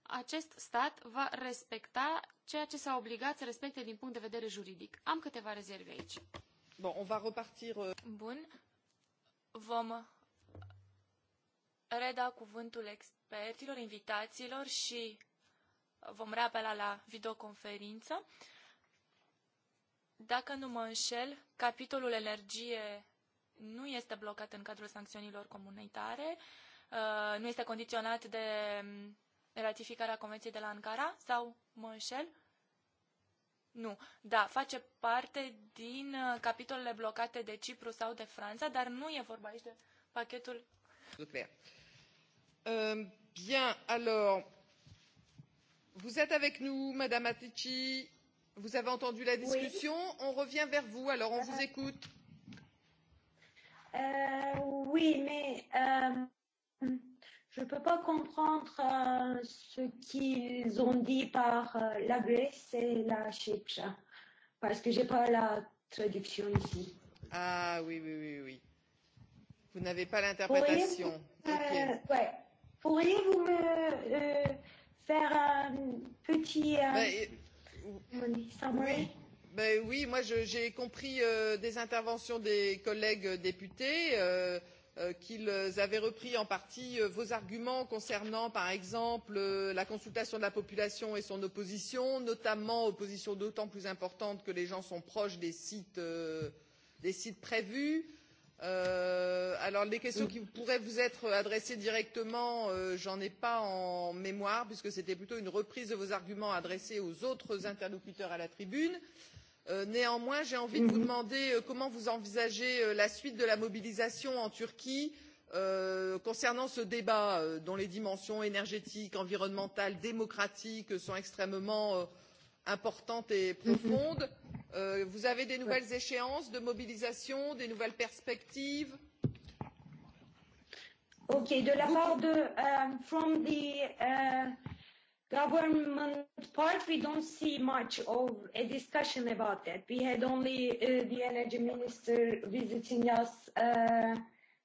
acest stat va respecta ceea ce s-a obligat să respecte din punct de vedere juridic? Am câteva rezerve aici. Bon, on va repartir... Euh, Bun. Vom reda cuvântul ex expertilor, invitațiilor și vom reapela la videoconferință. Dacă nu mă înșel, capitolul energie nu este blocat în cadrul sancțiunilor comunitare, uh, nu este condiționat de mm, ratificarea Convenției de la Ankara sau mă înșel? Nu, da, face parte din uh, capitolele blocate de Cipru sau de Franța, dar nu e vorba aici de pachetul nuclear. Euh, bien, alors, vous êtes avec nous, Madame Attici. Vous avez entendu la discussion. Oui. On revient vers vous. Alors, on euh, vous écoute. Euh, oui, mais euh, je ne peux pas comprendre euh, ce qu'ils ont dit par euh, la Grèce et la Chypre, parce que je n'ai pas la traduction ici. Ah oui, oui, oui, oui. Vous n'avez pas l'interprétation. Euh, okay. ouais. Pourriez-vous me euh, euh, faire un petit euh, bah, summary oui. Ben oui, moi j'ai compris euh, des interventions des collègues députés euh, euh, qu'ils avaient repris en partie euh, vos arguments concernant, par exemple, euh, la consultation de la population et son opposition, notamment opposition d'autant plus importante que les gens sont proches des sites, euh, des sites prévus. Euh, Euh, alors les questions mm. qui pourraient vous être adressées directement euh, j'en ai pas en mémoire puisque c'était plutôt une reprise de vos arguments adressés aux autres interlocuteurs à la tribune. Euh, néanmoins j'ai envie de vous mm-hmm. demander comment vous envisagez la suite de la mobilisation en turquie concernant ce débat dont les dimensions énergétique environnementale démocratique sont extrêmement importantes et mm-hmm. profondes. Euh, vous avez des nouvelles échéances de mobilisation des nouvelles perspectives? de la part de um, from the uh, government part, we don't see a discussion about that. We had only uh, uh,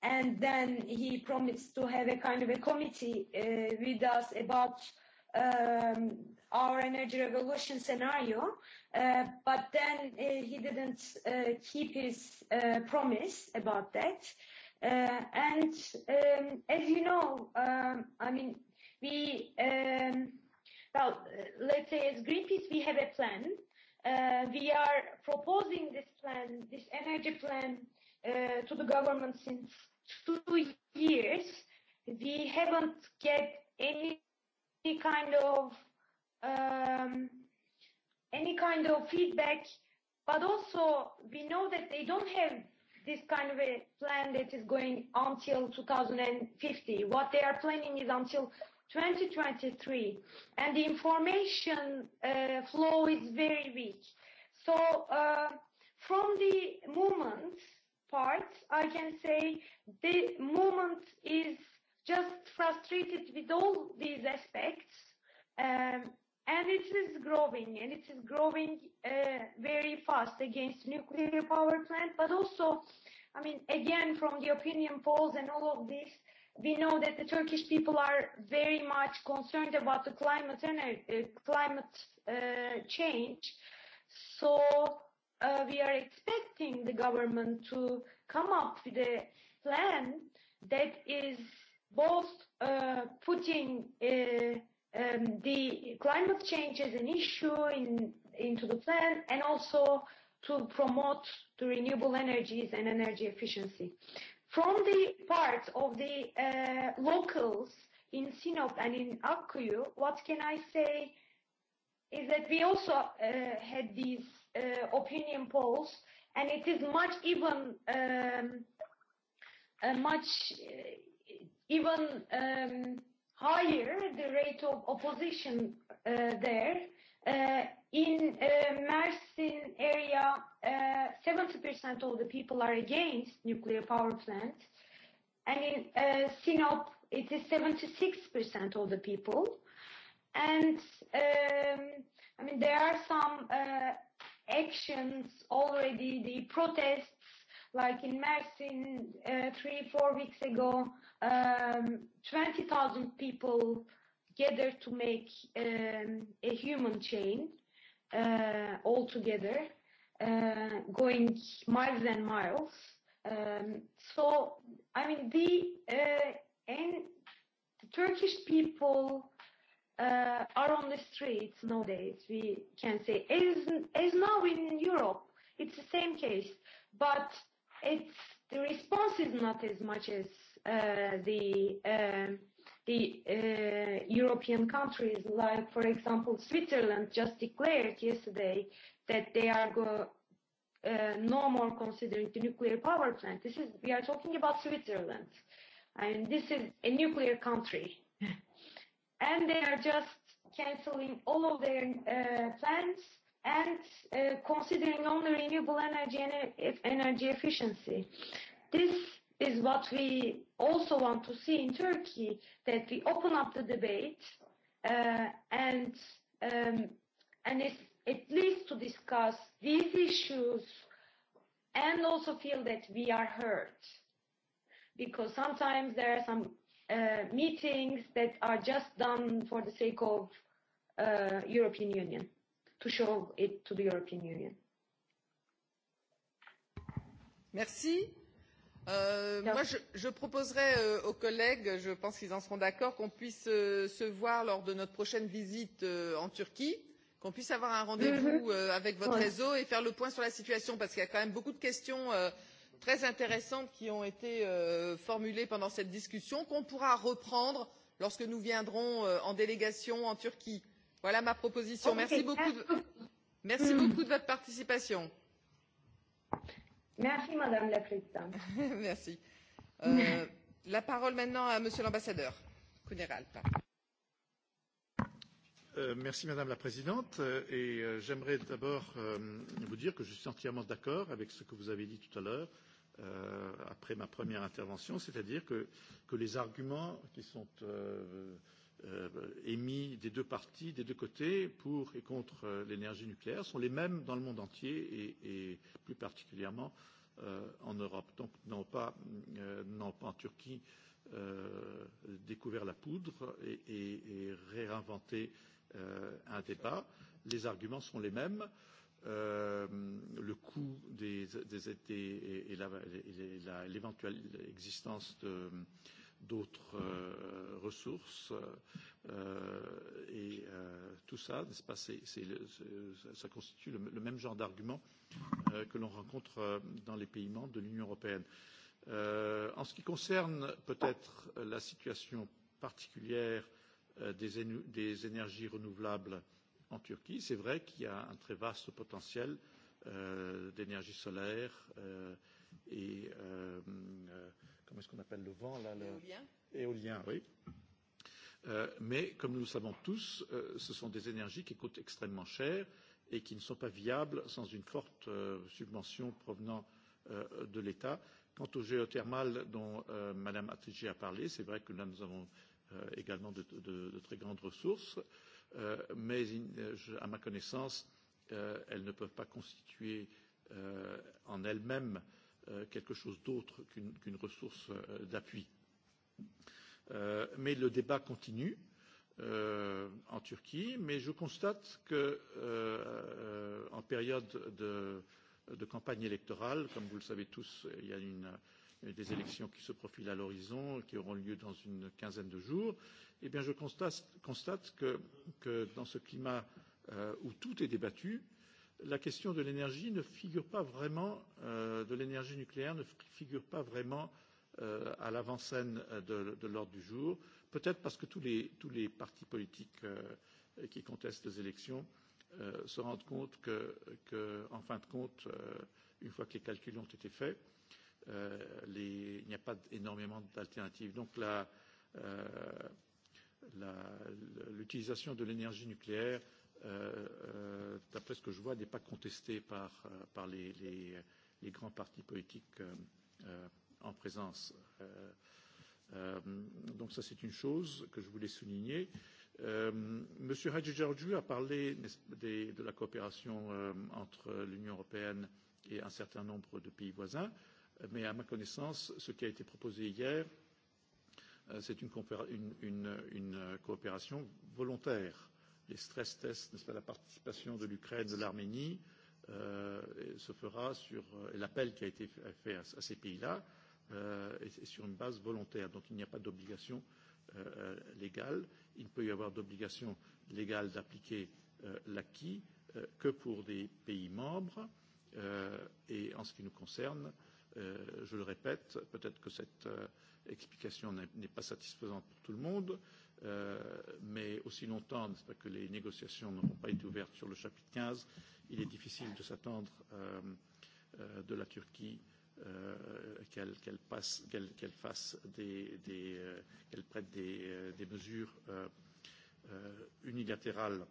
and then he promised to have a kind of a committee uh, with us about um, our energy revolution scenario. Uh, but then uh, he didn't uh, keep his uh, promise about that. Uh, and um, as you know, um, I mean, we, um, well, let's say as Greenpeace, we have a plan. Uh, we are proposing this plan, this energy plan, uh, to the government since two years. We haven't get any kind of um, any kind of feedback. But also we know that they don't have this kind of a plan that is going until 2050. What they are planning is until 2023, and the information uh, flow is very weak. So uh, from the movement part, I can say the movement is just frustrated with all these aspects. Um, and it is growing and it is growing uh, very fast against nuclear power plant but also i mean again from the opinion polls and all of this we know that the turkish people are very much concerned about the climate and uh, climate uh, change so uh, we are expecting the government to come up with a plan that is both uh, putting uh, um, the climate change is an issue in, into the plan and also to promote the renewable energies and energy efficiency. From the part of the uh, locals in Sinop and in Akkuyu, what can I say is that we also uh, had these uh, opinion polls and it is much even um, uh, much uh, even um, higher the rate of opposition uh, there. Uh, in uh, Mersin area, uh, 70% of the people are against nuclear power plants. And in uh, Sinop, it is 76% of the people. And um, I mean, there are some uh, actions already, the protests Like in Mersin, uh, three, four weeks ago, um, 20,000 people gathered to make um, a human chain uh, all together, uh, going miles and miles. Um, so, I mean, the uh, and the Turkish people uh, are on the streets nowadays. We can say as as now in Europe, it's the same case, but it's the response is not as much as uh, the uh, the uh, European countries, like for example Switzerland, just declared yesterday that they are go, uh, no more considering the nuclear power plant. This is we are talking about Switzerland, and this is a nuclear country, and they are just canceling all of their uh, plans and uh, considering only renewable energy and energy efficiency. This is what we also want to see in Turkey, that we open up the debate uh, and um, and it's at least to discuss these issues and also feel that we are heard. Because sometimes there are some uh, meetings that are just done for the sake of uh, European Union to show it to the European Union. Merci. Euh, yeah. moi, je, je proposerais euh, aux collègues, je pense qu'ils en seront d'accord, qu'on puisse euh, se voir lors de notre prochaine visite euh, en Turquie, qu'on puisse avoir un rendez-vous mm euh, avec votre ouais. réseau et faire le point sur la situation, parce qu'il y a quand même beaucoup de questions euh, très intéressantes qui ont été euh, formulées pendant cette discussion, qu'on pourra reprendre lorsque nous viendrons euh, en délégation en Turquie voilà ma proposition. merci beaucoup de, votre participation. merci madame la présidente. Euh, la parole maintenant à monsieur l'ambassadeur Kuneral. Euh, merci Madame la Présidente euh, et j'aimerais d'abord vous dire que je suis entièrement d'accord avec ce que vous avez dit tout à l'heure après ma première intervention, c'est-à-dire que, les arguments qui sont Euh, émis des deux parties, des deux côtés, pour et contre euh, l'énergie nucléaire, sont les mêmes dans le monde entier et, et plus particulièrement euh, en Europe. Donc, n'ont pas, euh, pas en Turquie euh, découvert la poudre et, et, et réinventé euh, un débat. Les arguments sont les mêmes. Euh, le coût des, des, des, et, et l'éventuelle existence de, euh, d'autres euh, ressources euh, et euh, tout ça, n'est-ce pas, c'est, c'est le, c'est, ça constitue le, le même genre d'argument euh, que l'on rencontre euh, dans les pays membres de l'Union européenne. Euh, en ce qui concerne peut-être la situation particulière euh, des, des énergies renouvelables en Turquie, c'est vrai qu'il y a un très vaste potentiel euh, d'énergie solaire euh, et euh, euh, comment est-ce qu'on appelle le vent là, le... Éolien. Éolien, oui. Euh, mais comme nous le savons tous, euh, ce sont des énergies qui coûtent extrêmement cher et qui ne sont pas viables sans une forte euh, subvention provenant euh, de l'État. Quant au géothermal dont euh, Mme Atrigi a parlé, c'est vrai que là nous avons euh, également de, de, de très grandes ressources, euh, mais in, je, à ma connaissance, euh, elles ne peuvent pas constituer euh, en elles-mêmes euh, Euh, quelque chose d'autre qu'une qu ressource euh, d'appui. Euh, mais le débat continue en Turquie, mais je constate que en période de, de campagne électorale, comme vous le savez tous, il y a une, des élections qui se profilent à l'horizon, qui auront lieu dans une quinzaine de jours, eh bien je constate, constate que, que dans ce climat euh, où tout est débattu, euh, la question de l'énergie ne figure pas vraiment euh, de l'énergie nucléaire ne figure pas vraiment euh, à l'avant scène euh, de, de l'ordre du jour, peut être parce que tous les, tous les partis politiques euh, qui contestent les élections euh, se rendent compte que, que en fin de compte, euh, une fois que les calculs ont été faits, euh, les, il n'y a pas énormément d'alternatives. Donc la, euh, l'utilisation de l'énergie nucléaire euh, Euh, euh, d'après ce que je vois, n'est pas contesté par, euh, par les, les, les grands partis politiques euh, euh, en présence. Euh, euh, donc ça, c'est une chose que je voulais souligner. Euh, Monsieur Hadji Georgiou a parlé des, de la coopération euh, entre l'Union européenne et un certain nombre de pays voisins, mais à ma connaissance, ce qui a été proposé hier, euh, c'est une, une, une, une coopération volontaire les stress tests, n'est-ce pas, la participation de l'Ukraine, de l'Arménie, euh, se fera sur euh, l'appel qui a été fait à, à ces pays-là euh, et, et sur une base volontaire. Donc il n'y a pas d'obligation euh, euh légale. Il ne peut y avoir d'obligation légale d'appliquer euh, l'acquis euh, que pour des pays membres. Euh, et en ce qui nous concerne, euh, je le répète, peut-être que cette euh, explication n'est pas satisfaisante pour tout le monde. Euh, mais aussi longtemps pas, que les négociations n'auront pas été ouvertes sur le chapitre 15, il est difficile de s'attendre euh, euh, de la Turquie euh, qu'elle qu qu qu fasse des, des euh, qu'elle prenne des, euh, des mesures euh, euh, unilatérales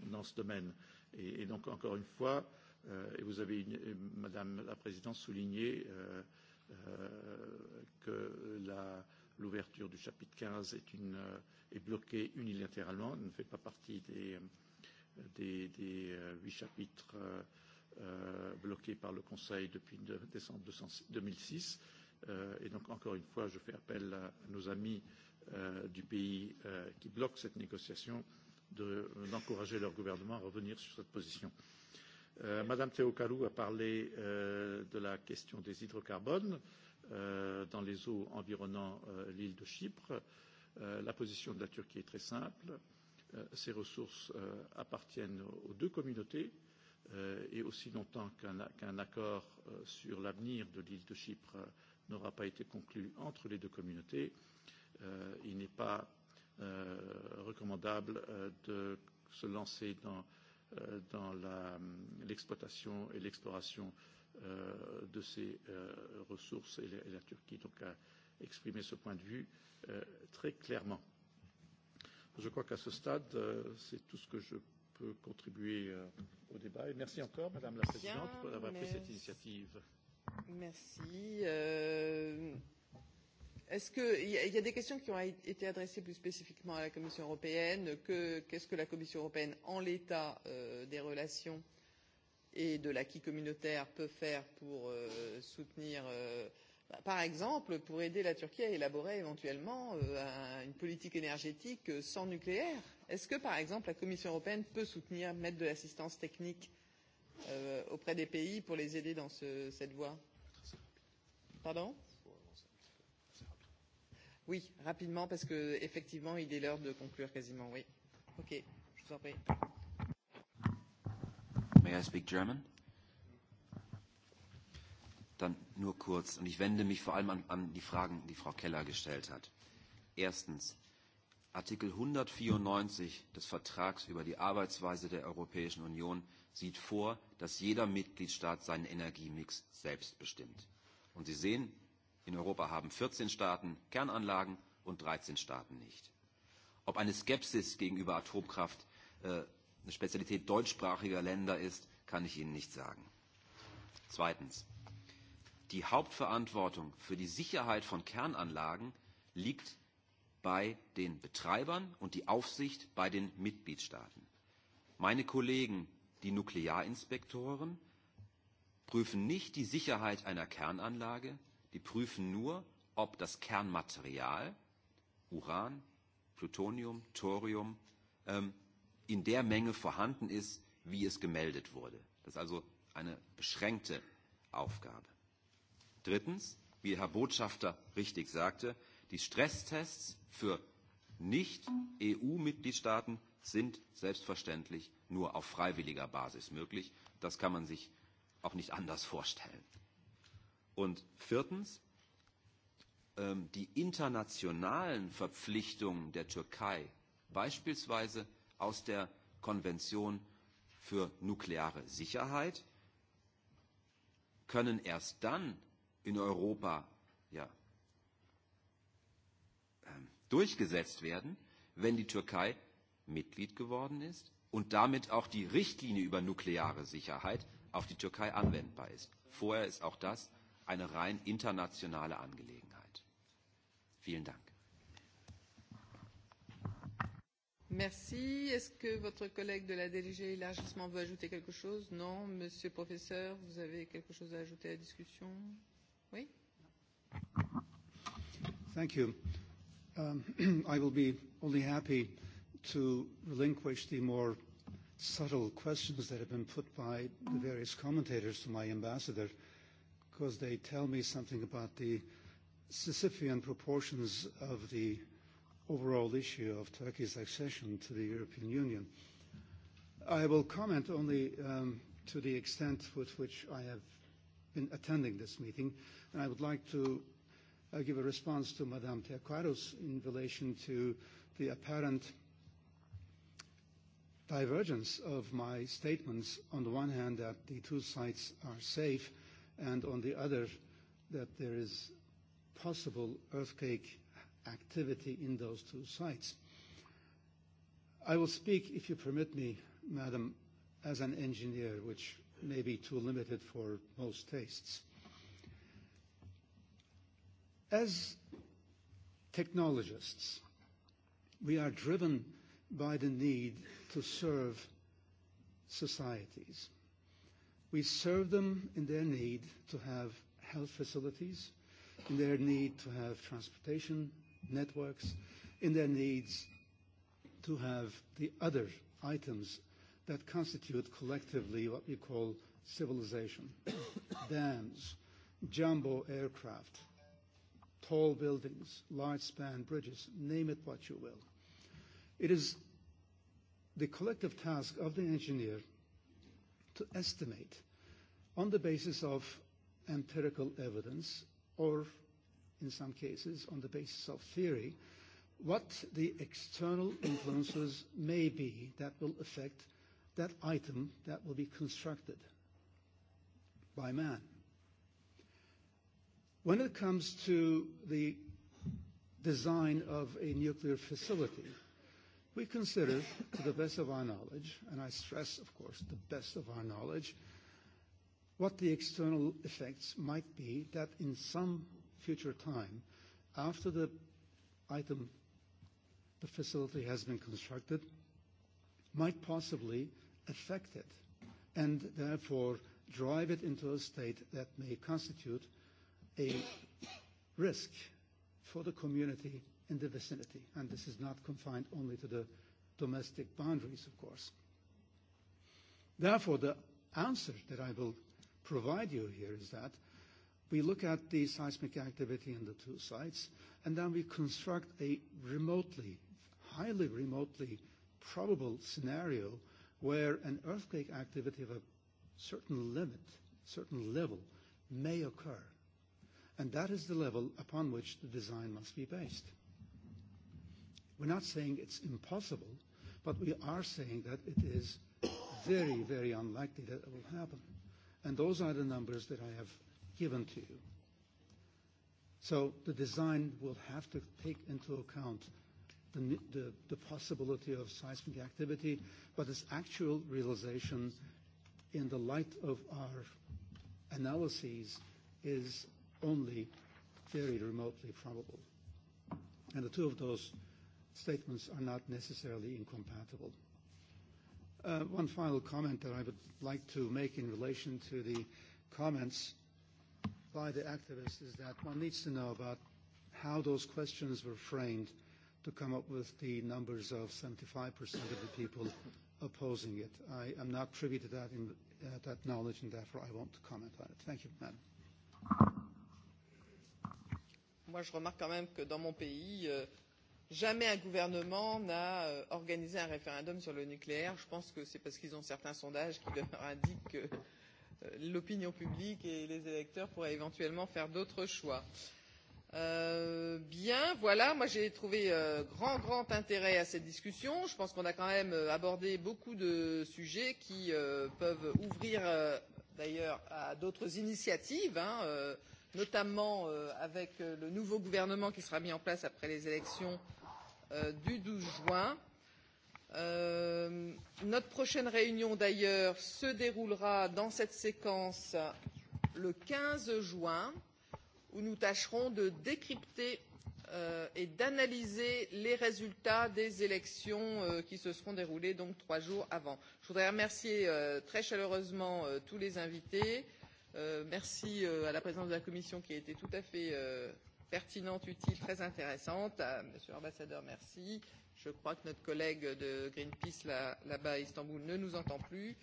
dans ce domaine. Et, et donc encore une fois, euh, et vous avez, une, euh, Madame la Présidente, souligné euh, euh, que la euh, l'ouverture du chapitre 15 est, une, euh, est bloquée unilatéralement, ne fait pas partie des, euh, des, des euh, huit chapitres euh, bloqués par le Conseil depuis de, décembre 2006. Euh, et donc, encore une fois, je fais appel à, à nos amis euh, du pays euh, qui bloquent cette négociation d'encourager de, leur gouvernement à revenir sur cette position. Euh, Madame Théocarou a parlé euh, de la question des hydrocarbones. Euh, Euh, dans les eaux environnant euh, l'île de Chypre. Euh, la position de la Turquie est très simple. Euh, ces ressources euh, appartiennent aux deux communautés euh, et aussi longtemps qu'un qu, accord euh, sur l'avenir de l'île de Chypre euh, n'aura pas été conclu entre les deux communautés, euh, il n'est pas euh, recommandable euh, de se lancer dans, euh, dans l'exploitation et l'exploration euh, Euh, de ses euh, ressources et la, et la Turquie donc a exprimé ce point de vue euh, très clairement. Je crois qu'à ce stade, euh, c'est tout ce que je peux contribuer euh, au débat. Et merci encore, Madame la Présidente, pour avoir pris cette initiative. Merci. Euh... Est-ce qu'il y, y a des questions qui ont été adressées plus spécifiquement à la Commission européenne Qu'est-ce qu que la Commission européenne, en l'état euh, des relations et de l'acquis communautaire peut faire pour euh, soutenir, euh, bah, par exemple, pour aider la Turquie à élaborer éventuellement euh, un, une politique énergétique euh, sans nucléaire Est-ce que, par exemple, la Commission européenne peut soutenir, mettre de l'assistance technique euh, auprès des pays pour les aider dans ce, cette voie Pardon Oui, rapidement, parce qu'effectivement, il est l'heure de conclure quasiment, oui. Ok, je vous en prie. May I speak German? Dann nur kurz. Und ich wende mich vor allem an, an die Fragen, die Frau Keller gestellt hat. Erstens. Artikel 194 des Vertrags über die Arbeitsweise der Europäischen Union sieht vor, dass jeder Mitgliedstaat seinen Energiemix selbst bestimmt. Und Sie sehen, in Europa haben 14 Staaten Kernanlagen und 13 Staaten nicht. Ob eine Skepsis gegenüber Atomkraft äh, eine Spezialität deutschsprachiger Länder ist, kann ich Ihnen nicht sagen. Zweitens. Die Hauptverantwortung für die Sicherheit von Kernanlagen liegt bei den Betreibern und die Aufsicht bei den Mitgliedstaaten. Meine Kollegen, die Nuklearinspektoren, prüfen nicht die Sicherheit einer Kernanlage, die prüfen nur, ob das Kernmaterial Uran, Plutonium, Thorium ähm, in der Menge vorhanden ist, wie es gemeldet wurde. Das ist also eine beschränkte Aufgabe. Drittens, wie Herr Botschafter richtig sagte, die Stresstests für Nicht-EU-Mitgliedstaaten sind selbstverständlich nur auf freiwilliger Basis möglich. Das kann man sich auch nicht anders vorstellen. Und viertens, ähm, die internationalen Verpflichtungen der Türkei, beispielsweise aus der Konvention für nukleare Sicherheit, können erst dann in Europa ja, ähm, durchgesetzt werden, wenn die Türkei Mitglied geworden ist und damit auch die Richtlinie über nukleare Sicherheit auf die Türkei anwendbar ist. Vorher ist auch das eine rein internationale Angelegenheit. Vielen Dank. Merci. Est-ce que votre collègue de la DG élargissement veut ajouter quelque chose Non. Monsieur le professeur, vous avez quelque chose à ajouter à la discussion Oui Thank you. Um, I will be only happy to relinquish the more subtle questions that have been put by the various commentators to my ambassador because they tell me something about the Sisyphean proportions of the overall issue of Turkey's accession to the European Union. I will comment only um, to the extent with which I have been attending this meeting, and I would like to uh, give a response to Madame Teokaros in relation to the apparent divergence of my statements on the one hand that the two sites are safe and on the other that there is possible earthquake activity in those two sites. I will speak, if you permit me, Madam, as an engineer, which may be too limited for most tastes. As technologists, we are driven by the need to serve societies. We serve them in their need to have health facilities, in their need to have transportation networks in their needs to have the other items that constitute collectively what we call civilization. Dams, jumbo aircraft, tall buildings, large span bridges, name it what you will. It is the collective task of the engineer to estimate on the basis of empirical evidence or in some cases on the basis of theory, what the external influences may be that will affect that item that will be constructed by man. When it comes to the design of a nuclear facility, we consider, to the best of our knowledge, and I stress, of course, the best of our knowledge, what the external effects might be that in some future time, after the item, the facility has been constructed, might possibly affect it and therefore drive it into a state that may constitute a risk for the community in the vicinity. And this is not confined only to the domestic boundaries, of course. Therefore, the answer that I will provide you here is that We look at the seismic activity in the two sites, and then we construct a remotely, highly remotely probable scenario where an earthquake activity of a certain limit, certain level, may occur. And that is the level upon which the design must be based. We're not saying it's impossible, but we are saying that it is very, very unlikely that it will happen. And those are the numbers that I have given to you. So the design will have to take into account the, the, the possibility of seismic activity, but its actual realization in the light of our analyses is only very remotely probable. And the two of those statements are not necessarily incompatible. Uh, one final comment that I would like to make in relation to the comments by the activists is that one needs to know about how those questions were framed to come up with the numbers of 75% of the people opposing it. I am not privy to that, in, uh, that knowledge, and therefore I won't comment on it. Thank you, madam. Moi, je remarque quand même que dans mon pays, euh, jamais un gouvernement n'a euh, organisé un référendum sur le nucléaire. Je pense que c'est parce qu'ils ont certains sondages qui leur indiquent que euh, l'opinion publique et les électeurs pourraient éventuellement faire d'autres choix. Euh, bien, voilà, moi j'ai trouvé euh, grand, grand intérêt à cette discussion. Je pense qu'on a quand même euh, abordé beaucoup de sujets qui euh, peuvent ouvrir euh, d'ailleurs à d'autres initiatives, hein, euh, notamment euh, avec euh, le nouveau gouvernement qui sera mis en place après les élections euh, du 12 juin. Euh, Euh, notre prochaine réunion d'ailleurs se déroulera dans cette séquence le quinze juin où nous tâcherons de décrypter euh, et d'analyser les résultats des élections euh, qui se seront déroulées donc trois jours avant. je voudrais remercier très chaleureusement tous les invités merci à la présidence de la commission qui a été tout à fait pertinente utile très intéressante à m. l'ambassadeur merci je crois que notre collègue de Greenpeace là, là bas à Istanbul ne nous entend plus.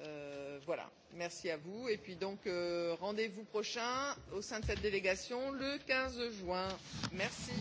Euh, voilà, merci à vous. Et puis donc euh, rendez-vous prochain au sein de cette délégation le 15 juin. Merci.